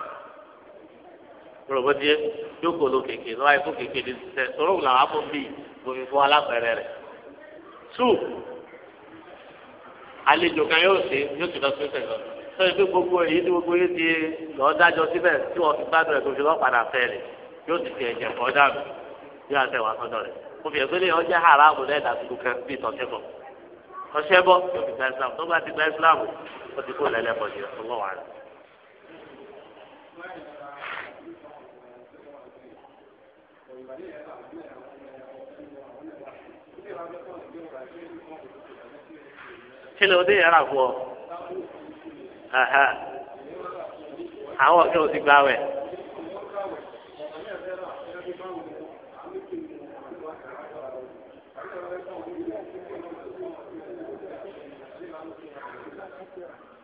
rògbòdìyẹ yóò kó ló kéèké lọ́wọ́ ayé kó kéèké ní sísẹ́ sọ̀rọ̀ làwọn á fún bíi gbòmí fún alápẹ̀rẹ̀ rẹ̀ tù àlejò kan yóò ṣe yóò ti lọ sí ìfẹ́ lọ sọ pé gbogbo èyí tí gbogbo yìí ti lọ dájọ́ síbẹ̀ tí wọ́n fi gbádùn ẹ̀ tó fi lọ́ padà fẹ́ rẹ̀ yóò ti fi ẹ̀jẹ̀ kọ́ dànù yóò àtẹ̀wà sọ́dọ̀ rẹ̀ mo fi ẹ̀gbẹ́ lè ọjà haramu lẹ́ẹ̀dá tuntun kan bíi tọ́sí fún ọ̀ṣẹ́ bọ́ yóò fi gba islam tó bá ti gba islam ó ti kó lẹ́lẹ́bọ̀ jù ọlọ́wọ́ wa rẹ̀. kí ló dé yàrá fún ọ àwọn ọ̀kẹ́ ò ti gbá wẹ̀.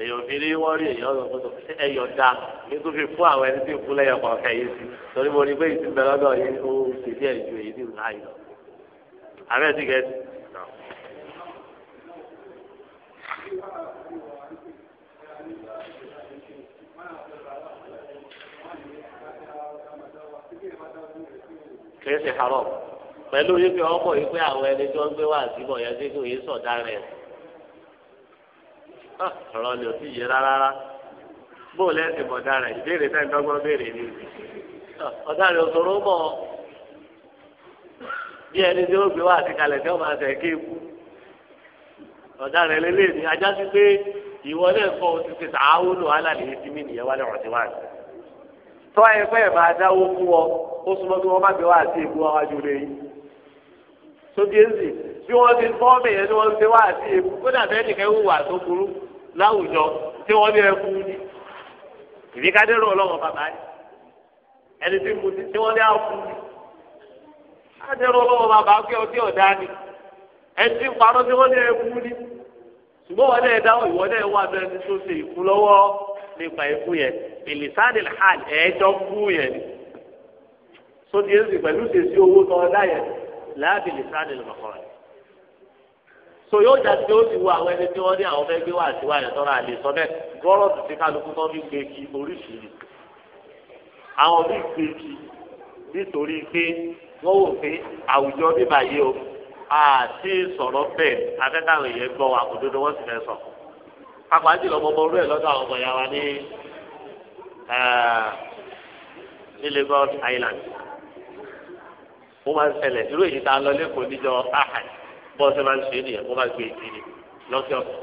lèyìn òfin rí wọ́n rí èyàn lọ fọ́tò ẹ̀yọ̀ dá ní tó fi fún àwọn ẹni tí ń fún lẹ́yìn kọ̀ọ̀kan yìí sí torí mo rí pé ìsìn bẹ lọ́dọ̀ yìí ó ṣe díẹ̀ ju ha lọ. àbẹ́ ti gẹ̀ Ah, ọ̀rọ̀ ni ò sì yé rárá bóò lẹ́sìn bọ̀dá rẹ̀ ìbéèrè náà dọ́gbọ́n béèrè ni ọ̀dà òṣòro mọ̀ bí ẹni tí ó gbé wá àti kalẹ̀ tí ó máa tẹ̀ kéèkú ọ̀dà rẹ̀ lélẹ̀ ajá sí pé ìwọ náà ti ti yìí mí nìyẹn wálé ọ̀tí wá sí. tọ́ ẹ máa dáwó fún ó súnmọ́ wọ́n má gbé wá àti wájú lé yìí. bí wọ́n ti láwùjọ tí wọ́n ní ẹkú ní ìbíkádérò ọlọ́wọ́ bàbá yìí ẹni tí mo ti tí wọ́n ní àkú ní kádérò ọlọ́wọ́ bàbá pé ọtí ọ̀dá ni ẹni tí parọ́ tí wọ́n ní ẹkú ní ṣùgbọ́n wọn náà dáwọ́ ìwọ náà wà bẹ́ẹ̀ ni tó ṣe ìkú lọ́wọ́ nípa ikú yẹn ìlísàdì hàn ẹ̀ẹ́dọ́ kú yẹn ni sóde yẹn pẹ̀lú ṣèṣì owó tọ́ ọ so yóò jà sí ó ti wo àwọn ẹni tí wọ́n ní àwọn fẹ́ gbé wá àti wáyà tọ́ra àlè sọ bẹ́ẹ̀ gbọ́rọ̀ tó ti kálukú tán fi gbé kí oríṣiríṣi àwọn bí gbé kí nítorí pé wọ́n wò pé àwùjọ bíbà yìí o àti sọ̀rọ̀ bẹ́ẹ̀ afẹ́káwọn èèyàn gbọ́ àkójọdọ wọ́n sì fẹ́ sọ. pàápàá jùlọ ọmọ orú ẹ̀ lọ́dọ̀ àwọn ọmọ ìyá wa ní eh, ní Lagos Island wọ́n máa ń ṣẹlẹ̀ irú èyí tá a lọ lẹ́kọ̀ọ́ níjọ ahad bọ́ọ̀sì máa ń ṣe nìyẹn wọ́n máa gbé ìdí ni lọ́sẹ̀ ọ̀sẹ̀.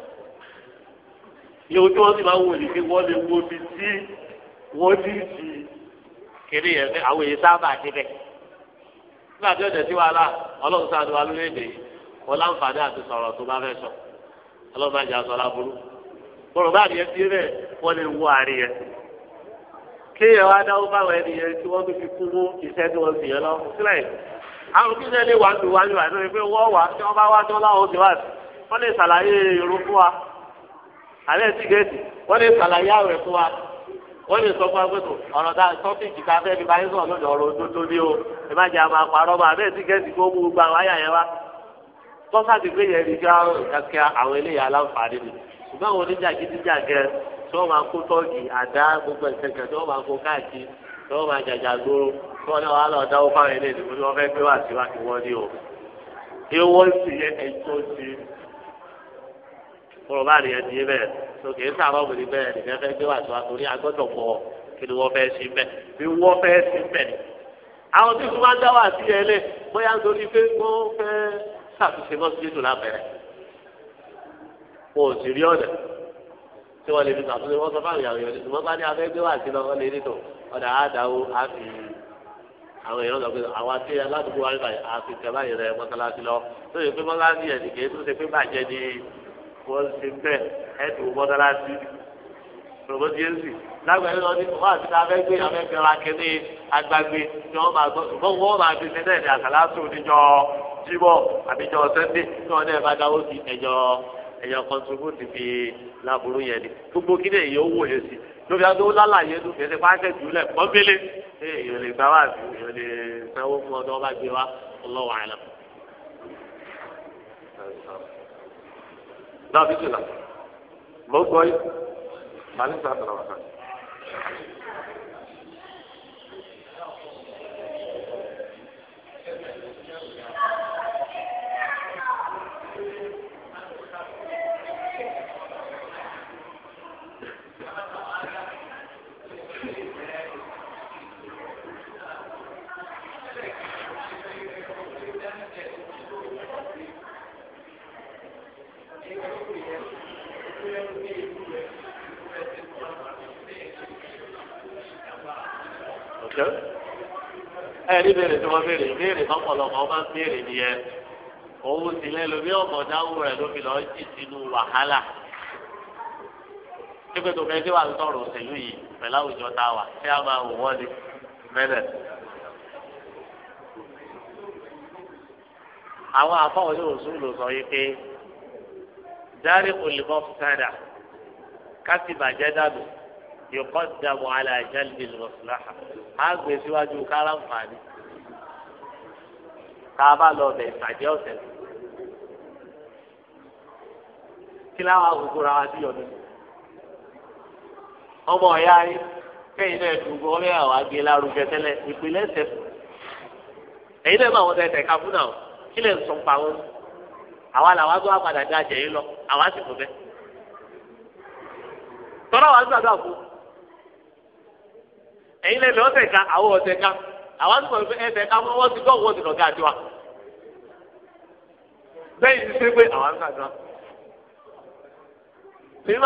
ojú wọn sì máa wò ní pé wọ́n lè wo ibi tí wọ́n ti di kiri yẹn fẹ́ àwọn èyí sábà débẹ̀. nígbà tí ọ̀dẹ̀ sí wàhálà ọlọ́run sáà ní wa lórílẹ̀‐èdè wọn láǹfààní àti sọ̀rọ̀ tó bá fẹ́ sọ ọlọ́run máa jà sọ láburú. bọ̀rọ̀ bá àdìyẹ ti rẹ̀ wọ́n lè wo àríyẹ. yẹn tí àwọn òkúta ilé wa ń lu wáyé wáyé lórí pé wọ́n wà tí wọ́n wa àlẹ́ tíkẹ́ẹ̀tì wọ́n lè ṣàlàyé àwẹ̀ fún wa wọ́n lè sọ fún ọ̀rọ̀ tá sọ̀rọ̀ ni o ẹ má jẹ́ àmà parọ́ bá àbẹ́ tíkẹ́ẹ̀tì tó mú gba wáyà yẹn wá tọ́sà ti yẹn kí wọ́n ní wàá lọ dáwọ́ fáwọn ilé ìdìbò tí wọ́n fẹ́ gbé wá sí wá kí wọ́n ní o ewó sì yẹ ẹjọ́ sí kúrò bá rí ẹni bẹ́ẹ̀ sókè ń sàrọ̀ òbí bẹ́ẹ̀ nìkan fẹ́ gbé wá sí wá torí agbọ́dọ̀ mọ̀ kí ni wọ́n fẹ́ sí bẹ́ẹ̀ bí wọ́n fẹ́ sí bẹ́ẹ̀ àwọn tí wọ́n máa ń dá wá sí ẹ lẹ́ bóyá nítorí pé wọ́n fẹ́ ṣàtúnṣe mọ́sídìtò lábẹ́rẹ́ wọn ò sì rí ọ̀dẹ̀ tí wọ́n lè fi ṣàtúnṣe wọ́n sọ fáwọn ìyàwó yẹn wọ́n bá ní abẹ́gbé wá sí lọ wọ́n lè rí tò ọ̀dà àdáwó á fi àwọn èèyàn lọ pé àwọn àti aládùúgbò wa nípa àti kẹlá yẹn rẹ mọ́sálásí lọ tó yẹ pé mọ́sálásí yẹn nìkẹ́ tó ṣe pé bàjẹ́ ni wọ́n ṣe bẹ́ẹ̀ ẹ̀dù mọ́sálásí rògbò tí yẹn sì lágbàáyé lọ ní wọ́n àti ká fẹ́ gbé afẹ́fẹ́ ra kẹ́ni agbágbé tí wọ́n máa gbọ́ wọ́n máa fi ṣe náà ní àkàlásù níjọ́ jíbọ̀ àbíjọ́ sẹ́ndé tí wọ́n náà bá dáwọ́ sí ẹjọ́ ẹjọ́ kọ́ntribútì fi láburú yẹn ni lórí adó lálàyé ló fẹsẹ̀ pàṣẹ jùlẹ̀ pọ́nbélé ẹ èèyàn lè gbà wá sí èèyàn lè sanwó fún ọdún ọba gbé wa ọlọ́wọ́ àìlọ́. náà bí tùlà mo gbọ́ yìí màá ní sàtàlà wà sàn. ẹ̀rí béèrè tí wọ́n béèrè béèrè lọ́pọ̀lọpọ̀ ọba béèrè nìyẹn òun sì lẹ́lòmí ọ̀mọ̀dáwó rẹ̀ ló fi lọ́ọ́ jì sínú wàhálà pípẹ́ tó fẹ́ẹ́ wà lọ́rọ̀ òṣèlú yìí pẹ̀lú àwùjọ tá a wà tí a máa wò wọ́n ni mẹ́lẹ̀. àwọn afọ́wọ́ yóò sún lò sọ yìí pé dárí olùkọ́ fúkàdà kásìbàjẹ́ dànù yóò kọ́ dàbọ̀ àlàjálì lọ́sùláhà. á gbé síwájú káràǹfààní tá a bá lọ bẹ ìbàjẹ́ ọ̀sẹ̀ kí láwọn gbogbo ra wa sí ọdún ọmọ ọ̀yá yìí kẹ́yìn náà lárugẹ tẹ́lẹ̀ ìpínlẹ̀ ẹ̀sẹ̀ ẹ̀yin náà ká fún náà kí lè sọ pa wọn àwa làwa gbọ́ àpàdà àwa sì fún bẹ́ẹ̀ tọ́lá wa ẹ̀yin lẹ́nu ọ̀sẹ̀ ká àwọn ọ̀sẹ̀ ká àwọn sọ̀rọ̀ pé ẹsẹ̀ ká wọ́n wọ́n ti gbọ́ wọ́n ti lọ́ọ́ gáàdì wa. bẹ́ẹ̀ ni àwọn ká fún ti wa àtàwọn mi. ẹni lọ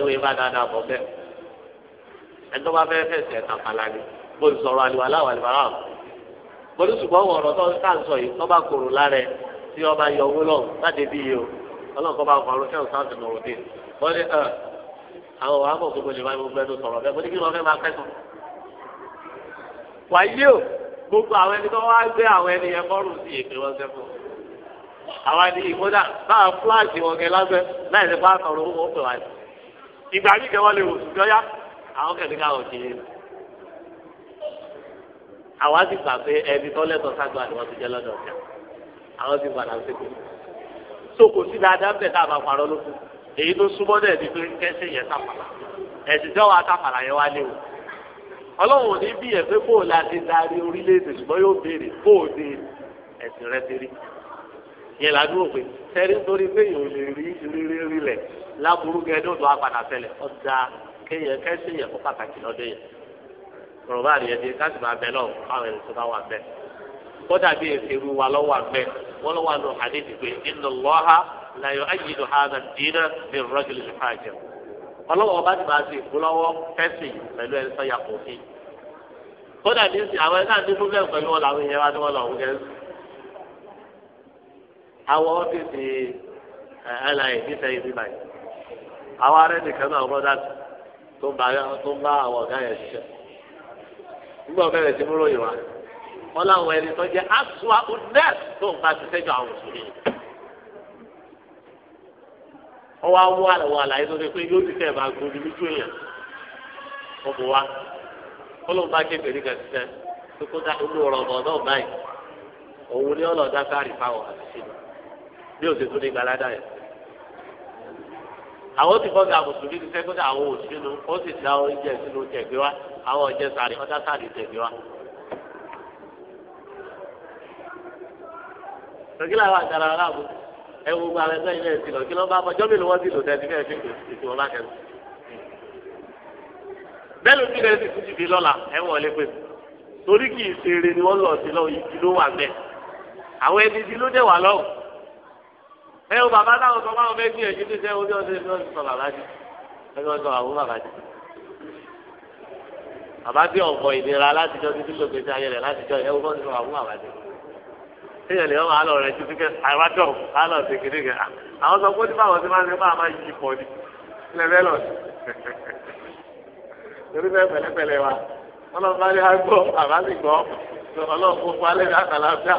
ìwé dáadáa ẹni tó bá ni bó ti pẹ̀lú ṣùgbọ́n wọn ọ̀rọ̀ tó ń sàǹsọ yìí tó bá kúrò lára ẹ̀ tí wọ́n bá yọ owó lọ láti bí iye o ọlọ́run kọ́ bá wọn ọ̀rọ̀ sẹ́wọ̀n sáǹsì mọ̀rọ̀ dé wọ́n ní ẹ̀ àwọn wàá mọ̀ gbogbo ìjọba gbogbo ẹnu sọ̀rọ̀ bẹ́ẹ̀ mo ní kí wọ́n fẹ́ máa fẹ́ sùn. wàyí o gbogbo àwọn ẹni tó wá gbé àwọn ẹni yẹn mọ́rù sí èpè wọn sẹ́fún àwọn ẹni ìkódà báwọn fúláàsì wọn kẹ lábẹ́ láì ní bá owó pè wá ìgbà mí kẹwọn lè wò sùn àwa ti gbà pé ẹbí tó lẹ́tọ̀ọ́ ságbà ni wọ́n ti jẹ́ lọ́dọ̀ ọ̀kẹ́ àwọn ti padà sí kù. so kò sí dáadáa ń bẹ̀ tá a bá parọ́ lókun èyí tó súnmọ́ dẹ̀ ni pé kẹ́sì yẹn sàfàlà ẹ̀sìn tí wọ́n sàfàlà yẹn wá léwu. ọlọ́run ò ní bí ẹ̀ pé bóò la darí orílẹ̀-èdè ṣùgbọ́n yóò béèrè bóò ẹ̀sìn rẹ ti rí. yẹn la pé sẹ́rí nítorí pé yòó lè rí rírí rílẹ̀ láburú gẹ́gẹ́ ní tẹ́lẹ̀ ọ̀dà kéèyàn kẹ́sì yẹn kó pàtàkì lọ́dọ̀ yẹn rọ̀bà àríyá ti káàtì máa bẹ náà káwọn ẹni tó bá wà bẹ kódà bí ìṣerú wa lọ́wọ́ àgbẹ̀ wọ́n lọ́wọ́ àná àdéhùn pé inna Allaha la yu'ayyidu hadha ad-dina bir-rajuli al-fajir ọlọ́wọ́ bá ti máa ṣe ìfúnlọ́wọ́ fẹ́sìn pẹ̀lú ẹni tó yà kòfin kódà ní sí àwọn ẹni náà ní fúnlẹ̀ pẹ̀lú wọn làwọn èèyàn wá ní wọn lọ eh, tó ń bá àwọn ọ̀gá yẹn ṣiṣẹ́ nígbà wọn bẹ̀rẹ̀ sí mú ròyìn wa wọn làwọn ẹni tó jẹ asua unẹ tó ń bá ṣiṣẹ́ jọ àwọn mùsùlùmí wọn wá wọ àwọn àlàyé tó ṣe pé yóò ti fẹ́ máa gbòdì lójú èèyàn wọn bò wá kọlọ́n bá ké pèlú kẹsíṣẹ́ tó kó dá inú rọ̀bọ̀ náà báyìí òun ni ọlọ́dá sáré fáwọn àṣìṣe bí òṣèlú tó ní gbalada yẹn àwọn ti fọ́n ga mùsùlùmí ti sẹ́kọ́dà àwọn òṣìṣẹ́ ó sì dá oúnjẹ sínú oúnjẹ gbé àwọn ọ̀jẹ̀ sàrí ọ̀dá sàrí tẹ̀lé wa. tòkí làwọn àtàrà aláàbò ẹ wo gba ẹgbẹ́ ilé ẹ̀sìn lọ kí ló bá bọjọ́ mi ló wọ́n lò tẹ́sí fẹ́ẹ́ fi ètò ọ̀la kẹ́lu. bẹ́ẹ̀ ló ti rẹ̀ ti kújì bí lọ́la ẹ wọ̀ lé pé torí kì í ṣe eré ni wọ́n lọ sí lọ ìdí ló wà mẹ́ àwọn ẹni tí ló dé wà lọ́wọ́ ẹ wo bàbá táwọn sọ fáwọn fẹ́ẹ́ gbìyànjú ní sẹ́wọ́n tí wọ́n ti sọ àbábí ọ̀pọ̀ ìnira láti jọ títí lóògbé sí ayẹlẹ láti jọ ẹ̀wọ́n bọ́ nínú àwọn àbájẹ. Téèyàn lè wọ́n máa lọ rẹ̀ títí kẹ́ àbájọ àlọ́ tèkéde kẹ́ àwọn sọ pé nípa tí máa ń bá máa yí pọ̀ ní lẹ́lẹ́ lọ sí. Torí bẹ́ẹ̀ pẹ̀lẹ́pẹ̀lẹ́ wa, ọlọ́run bá ní agbọ́ àbá sì gbọ́. Ọlọ́run kó fún alẹ́ ní àtàlàfíà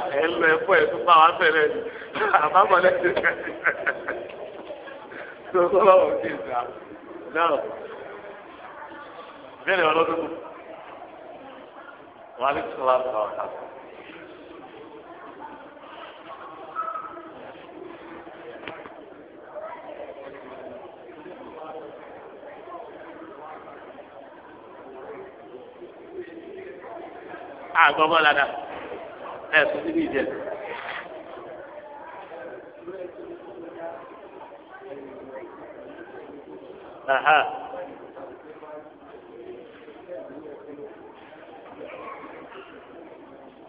ẹ̀ wọn bí tí wọn bá ọ̀tá. àgbọ̀bọ̀ lada ẹ̀ tó ti bí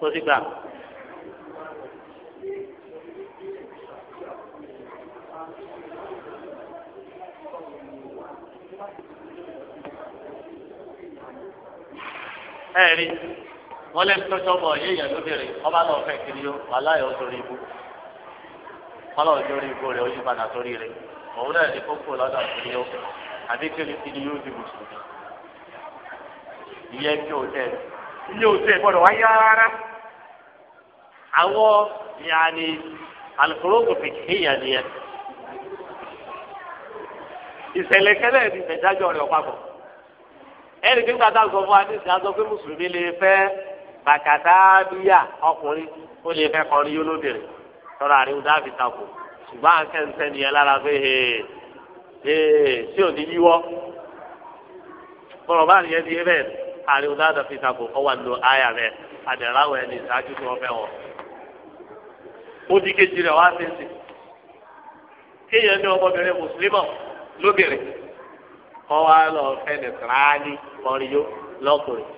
kó sì gbà. ẹ̀rí wọ́n lé yé èèyàn lóbìnrin ọba náà fẹ́ kiri yó wàláyé ó torí ibú kọ́lá ó torí ibú rẹ̀ ó padà torí rẹ̀ òun náà ní kókó lọ́dọ̀ kiri yó àbí kiri kiri yó di mùsùlùmí ìyẹn kí o tẹ̀ ẹ́ ilé òtún ẹ̀ gbọ́dọ̀ wáyé rárá àwọn yàní alukorogo fìkìyà nìyẹn ìṣẹ̀lẹ̀ kẹlẹ̀ ní ìfẹ̀dájọ́ rẹ̀ ọ̀pápọ̀ ẹnì kí n gbàdá sọ fún wa ní ìsìn àzọ pé mùsùlùmí lè fẹ́ bàkàtà bíyà ọkùnrin ó lè fẹ́ kọrin yóò lóbìnrin tọ́lá àríwú dáàbì takò ṣùgbọ́n àkẹ́ńtẹ́ nìyẹn lára pé ee tí ò yíwọ́ bọ̀rọ̀ bá nìyẹn ti yé bẹ́ẹ̀ àríwá dáadáa fi sàkó ọwà ń lo àyà rẹ àdẹ̀ráwọ̀ ẹni ìsáájú tí wọ́n fẹ́ wọ̀. ó di kejì rẹ̀ wá sí sí kéèyàn ní ọmọbìnrin mùsùlùmọ̀ lóbìnrin kọ́ wa lọ fẹ́ nìtìrání kọriyó lọ́kùnrin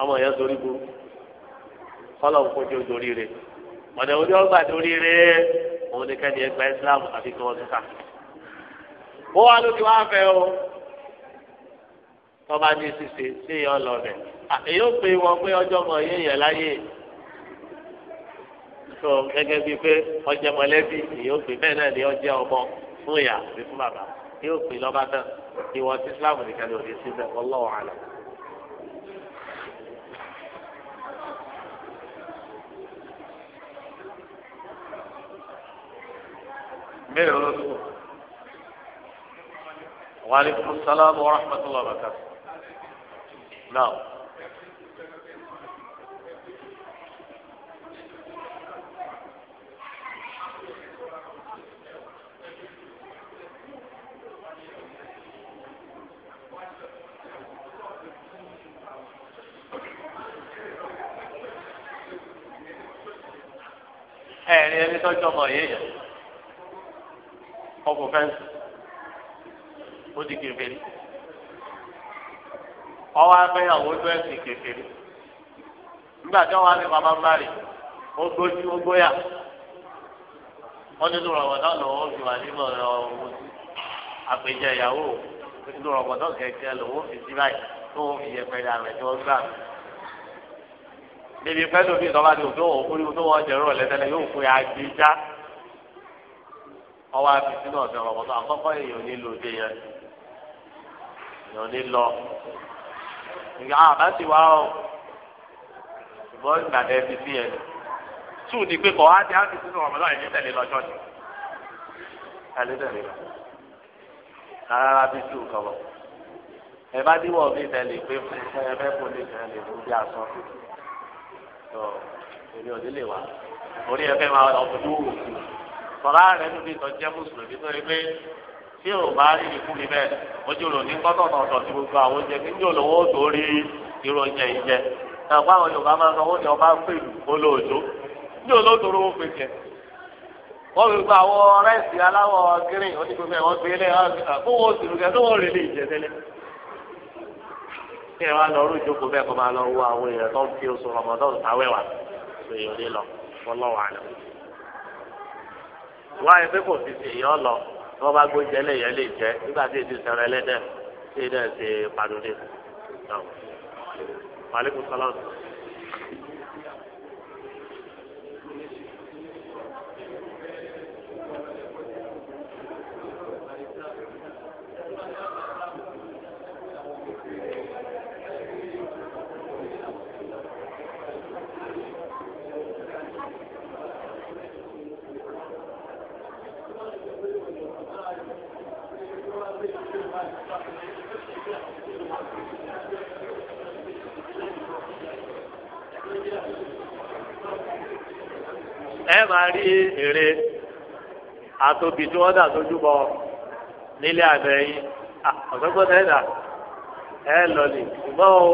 ọmọ yẹn sórí bu kọ́lọ̀ kojú dorí rẹ̀ ọ̀dẹ̀ ojú ọgbà dorí rẹ̀ òun ni kẹ́ni ẹgbẹ́ Islam àti kí wọ́n tún ta. wọ́n wá lókè wá fẹ́ o tọ́ba ní ṣíṣe ṣé yọ lọ bẹ̀. èyí ó pe wọn pé ọjọ́ mọ yé yẹn láyé tó gẹ́gẹ́ bíi pé ọjọ́ mọ̀lẹ́bí èyí ó pe bẹ́ẹ̀ náà ni ọjọ́ ọmọ fún ìyá àti fún bàbá èyí ó pe lọ́ba náà ìwọ sí Islam nìkan ni òde síbẹ̀ ọlọ́wọ́ àlọ́. mẹ́rin ló sọ. wàhálà ìfúnṣálà bọ̀ wàhálà ìfúnṣálà Não. é ele está ọmọ aí yẹn ọkọ̀ fẹ́ǹsì ó que kìrìfẹ́rì. ọwọ abẹ́yàwó ló ẹ̀sìn kékeré nígbà tí ọwọ́ abẹ́yàwó bá bá rè ogójì ogóyà wọ́n nínú rọ̀bọ̀dọ́ lọ́wọ́ fi wà nínú ọ̀rọ̀ àpèjẹ ìyàwó nínú rọ̀bọ̀dọ́ kẹ̀kẹ́ lọ́wọ́ fi sí báyìí tó wọ́n fi yẹ tí gbà níbi ti òfin tó wọ́n ya gbé já ọwọ́ àfi sínú ọ̀dọ̀ rọ̀bọ̀dọ́ àkọ́kọ́ ìgbà àbá sì wá ọ ṣùgbọ́n ìgbà tẹ fi sí ẹ tù ní pé kọ́ á ti á ti sínú ọmọ náà ẹni tẹ̀lé lọ́jọ́ ni ẹni tẹ̀lé lọ rárá bí tù kọ́ bọ̀ ẹ bá díwọ̀ bí tẹ̀lé pé ẹ fẹ́ kó lè tẹ̀lé lè fún bí asán tó èmi ò ní lè wá orí ẹ fẹ́ máa lọ fún dúró kọ́ láàrin ẹni tó jẹ́ mùsùlùmí tó rí pé. tí o bá rí ikú mi bẹ́ẹ̀ ojú rò ní kọ́tọ̀tọ̀ ọ̀tọ̀ tí gbogbo àwọn oúnjẹ kí ní olówó tó rí irú oúnjẹ yìí àwọn Yorùbá máa sọ wọ́n ní ọba pẹ̀lú olóòjó ní wọ́n pè jẹ. wọ́n fi gba àwọn rẹ́ẹ̀sì aláwọ̀ gírìn gbé lé fún wọn sì tó wọ́n rí tẹ́lẹ̀. kí ẹ lọ bẹ́ẹ̀ lọ àwọn èèyàn tó ń fi wọ́n bá gbóúnjẹ lẹ́yìn lè jẹ́ nígbà tí èdè sọ̀rọ̀ ẹlẹ́dẹ̀ tí èdè ṣe pàdúdé. Màlíkù sọ́lọ́sì. máa rí èrè àtòbí tí wọ́n dà sójú bọ nílé àbẹ̀yìn ọ̀sọ́gbọ́n tẹ́ dà ẹ lọ́lẹ̀ ṣùgbọ́n o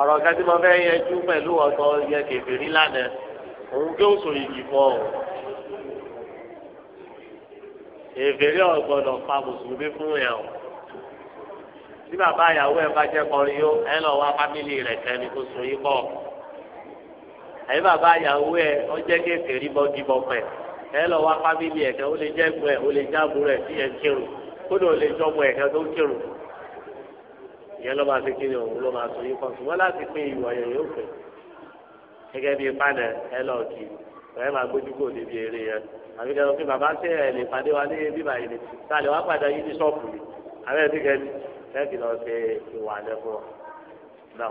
ọ̀rọ̀ kan tí mo fẹ́ yẹjú pẹ̀lú ọ̀sọ̀ yẹ kẹfìrí lánàá òun kí ó sọ yìí fọ́ ọ. èfèrè ọ̀gbọ́dọ̀ pa mùsùlùmí fún ẹ̀ o tí bàbá ìyàwó ẹ̀ bá jẹ́ kọrin yó ẹ lọ wá fámìlì rẹ̀ kẹ́ni tó so yìí pọ̀ àyè bàbá ìyàwó ẹ ọjẹ́ kéèké rí bọ́gìbọ̀ pẹ̀ ẹ lọ wá fámìlì ẹ̀kẹ́ ó lè jẹ́ ẹ̀gbọ́n ẹ̀ ó lè jẹ́ àbúrò ẹ̀ tí ẹ̀ ń kírun kódà ó lè jọmọ ẹ̀kẹ́ tó ń kírun ìyẹn ló máa fi kí ni òun ló máa sọ yín kan ṣùgbọ́n láti pín ìwọ̀ yẹn yóò fẹ́ gẹ́gẹ́ bíi pánẹ̀ ẹ lọ kì ẹ máa gbójú kò níbi eré yẹn àbí kẹ́kọ̀ọ́ pé bàbá tẹ́ ẹ lè pàdé wa ní bíbá yìí ni tá a lè wá padà yín ní ṣọ́ọ̀bù yìí àbẹ́ ti ẹ kì lọ ṣe ìwà àlẹ́ fún ọ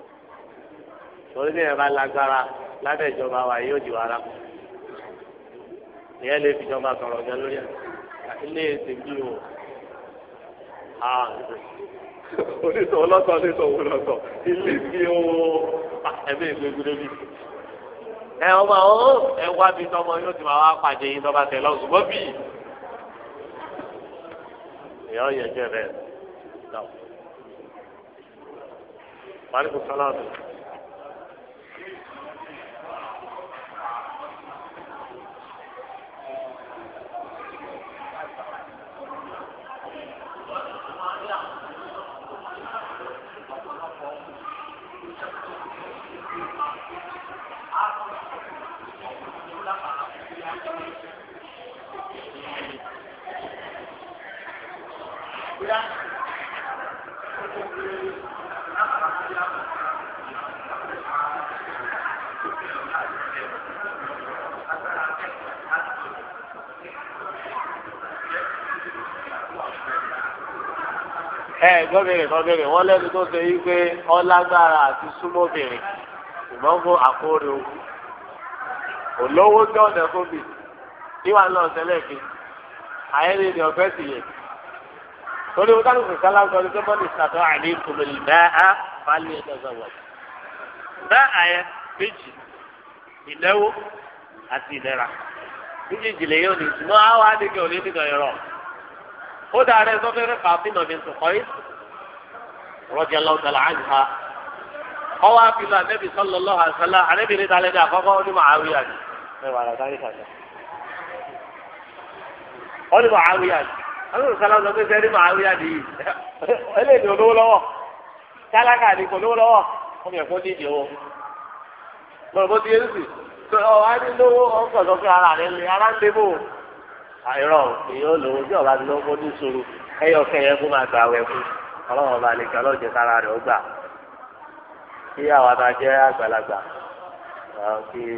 torí bí ẹ bá lágbára lábẹ́ ìjọba wa yóò jù ara ìyẹn lè fi ìjọba sọ̀rọ̀ ọ̀gá lórí ẹ̀ ilé èsì bí o onítọ̀ ọlọ́tọ̀ onítọ̀ ọlọ́tọ̀ ilé bí o ẹ̀mí ìgbégunlé bí ẹ ọmọ ọ ẹ wá bí tọmọ yóò ti máa wá pàdé yín tọ́ba tẹ̀ lọ́wọ́ ṣùgbọ́n bí ìyá ọ̀yẹ́jẹ́ rẹ̀ lọ. wàhálà kò sọ́nà ẹ gbọ́bìnrin gbọ́bìnrin wọ́n lẹ́nu tó ṣe yí pé ọlágbára àti súnmọ́bìnrin ṣùgbọ́n fún àkórí owó olówó tí ọ̀nà fún níwà lọ sẹ́lẹ̀ kí àyẹ̀lẹ̀ ni ọ̀fẹ́ sì yẹ. torí wọn kálukú sálá ní pé mọ́ni sàtọ́ àní kùmìlì bẹ́ẹ̀ á fálẹ̀ ẹ̀dọ́sọ̀ wọ̀. bẹ́ẹ̀ àyẹ méjì ìnáwó àti ìlera méjì ìjìnlẹ̀ yóò ní ìtumọ̀ àwọn àdìgẹ́ òní nìkan yọrọ. ó dára ẹsọ fẹrẹ fàáfínà mi sùn kọyí rọjò aláwùjọ làánìhà ọwọ àfihàn anabi sọlọlọ àṣàlá anabi ní talẹ ní àkọ́kọ́ ó ní màáwíyà ni mẹwàá la dárí kàdá ó ní màáwíyà ni ọlọ́run sọlá sọ pé sẹni màáwíyà ni yìí eléyìí olówó lọ́wọ́ tálákà ni kò lówó lọ́wọ́ wọn ní ìdí owó bó ti yé sí ọ wá ní lówó ara rẹ lè ara ń lé bò àìrọ̀ èèyàn lòun tí ọba ti lọ kó ní sùúrù ẹyọ kẹyẹ kó máa gbà wẹ̀ fún ọlọ́wọ́n ọba lè kẹ́ ọlọ́jẹ kára rẹ̀ ó gbà kí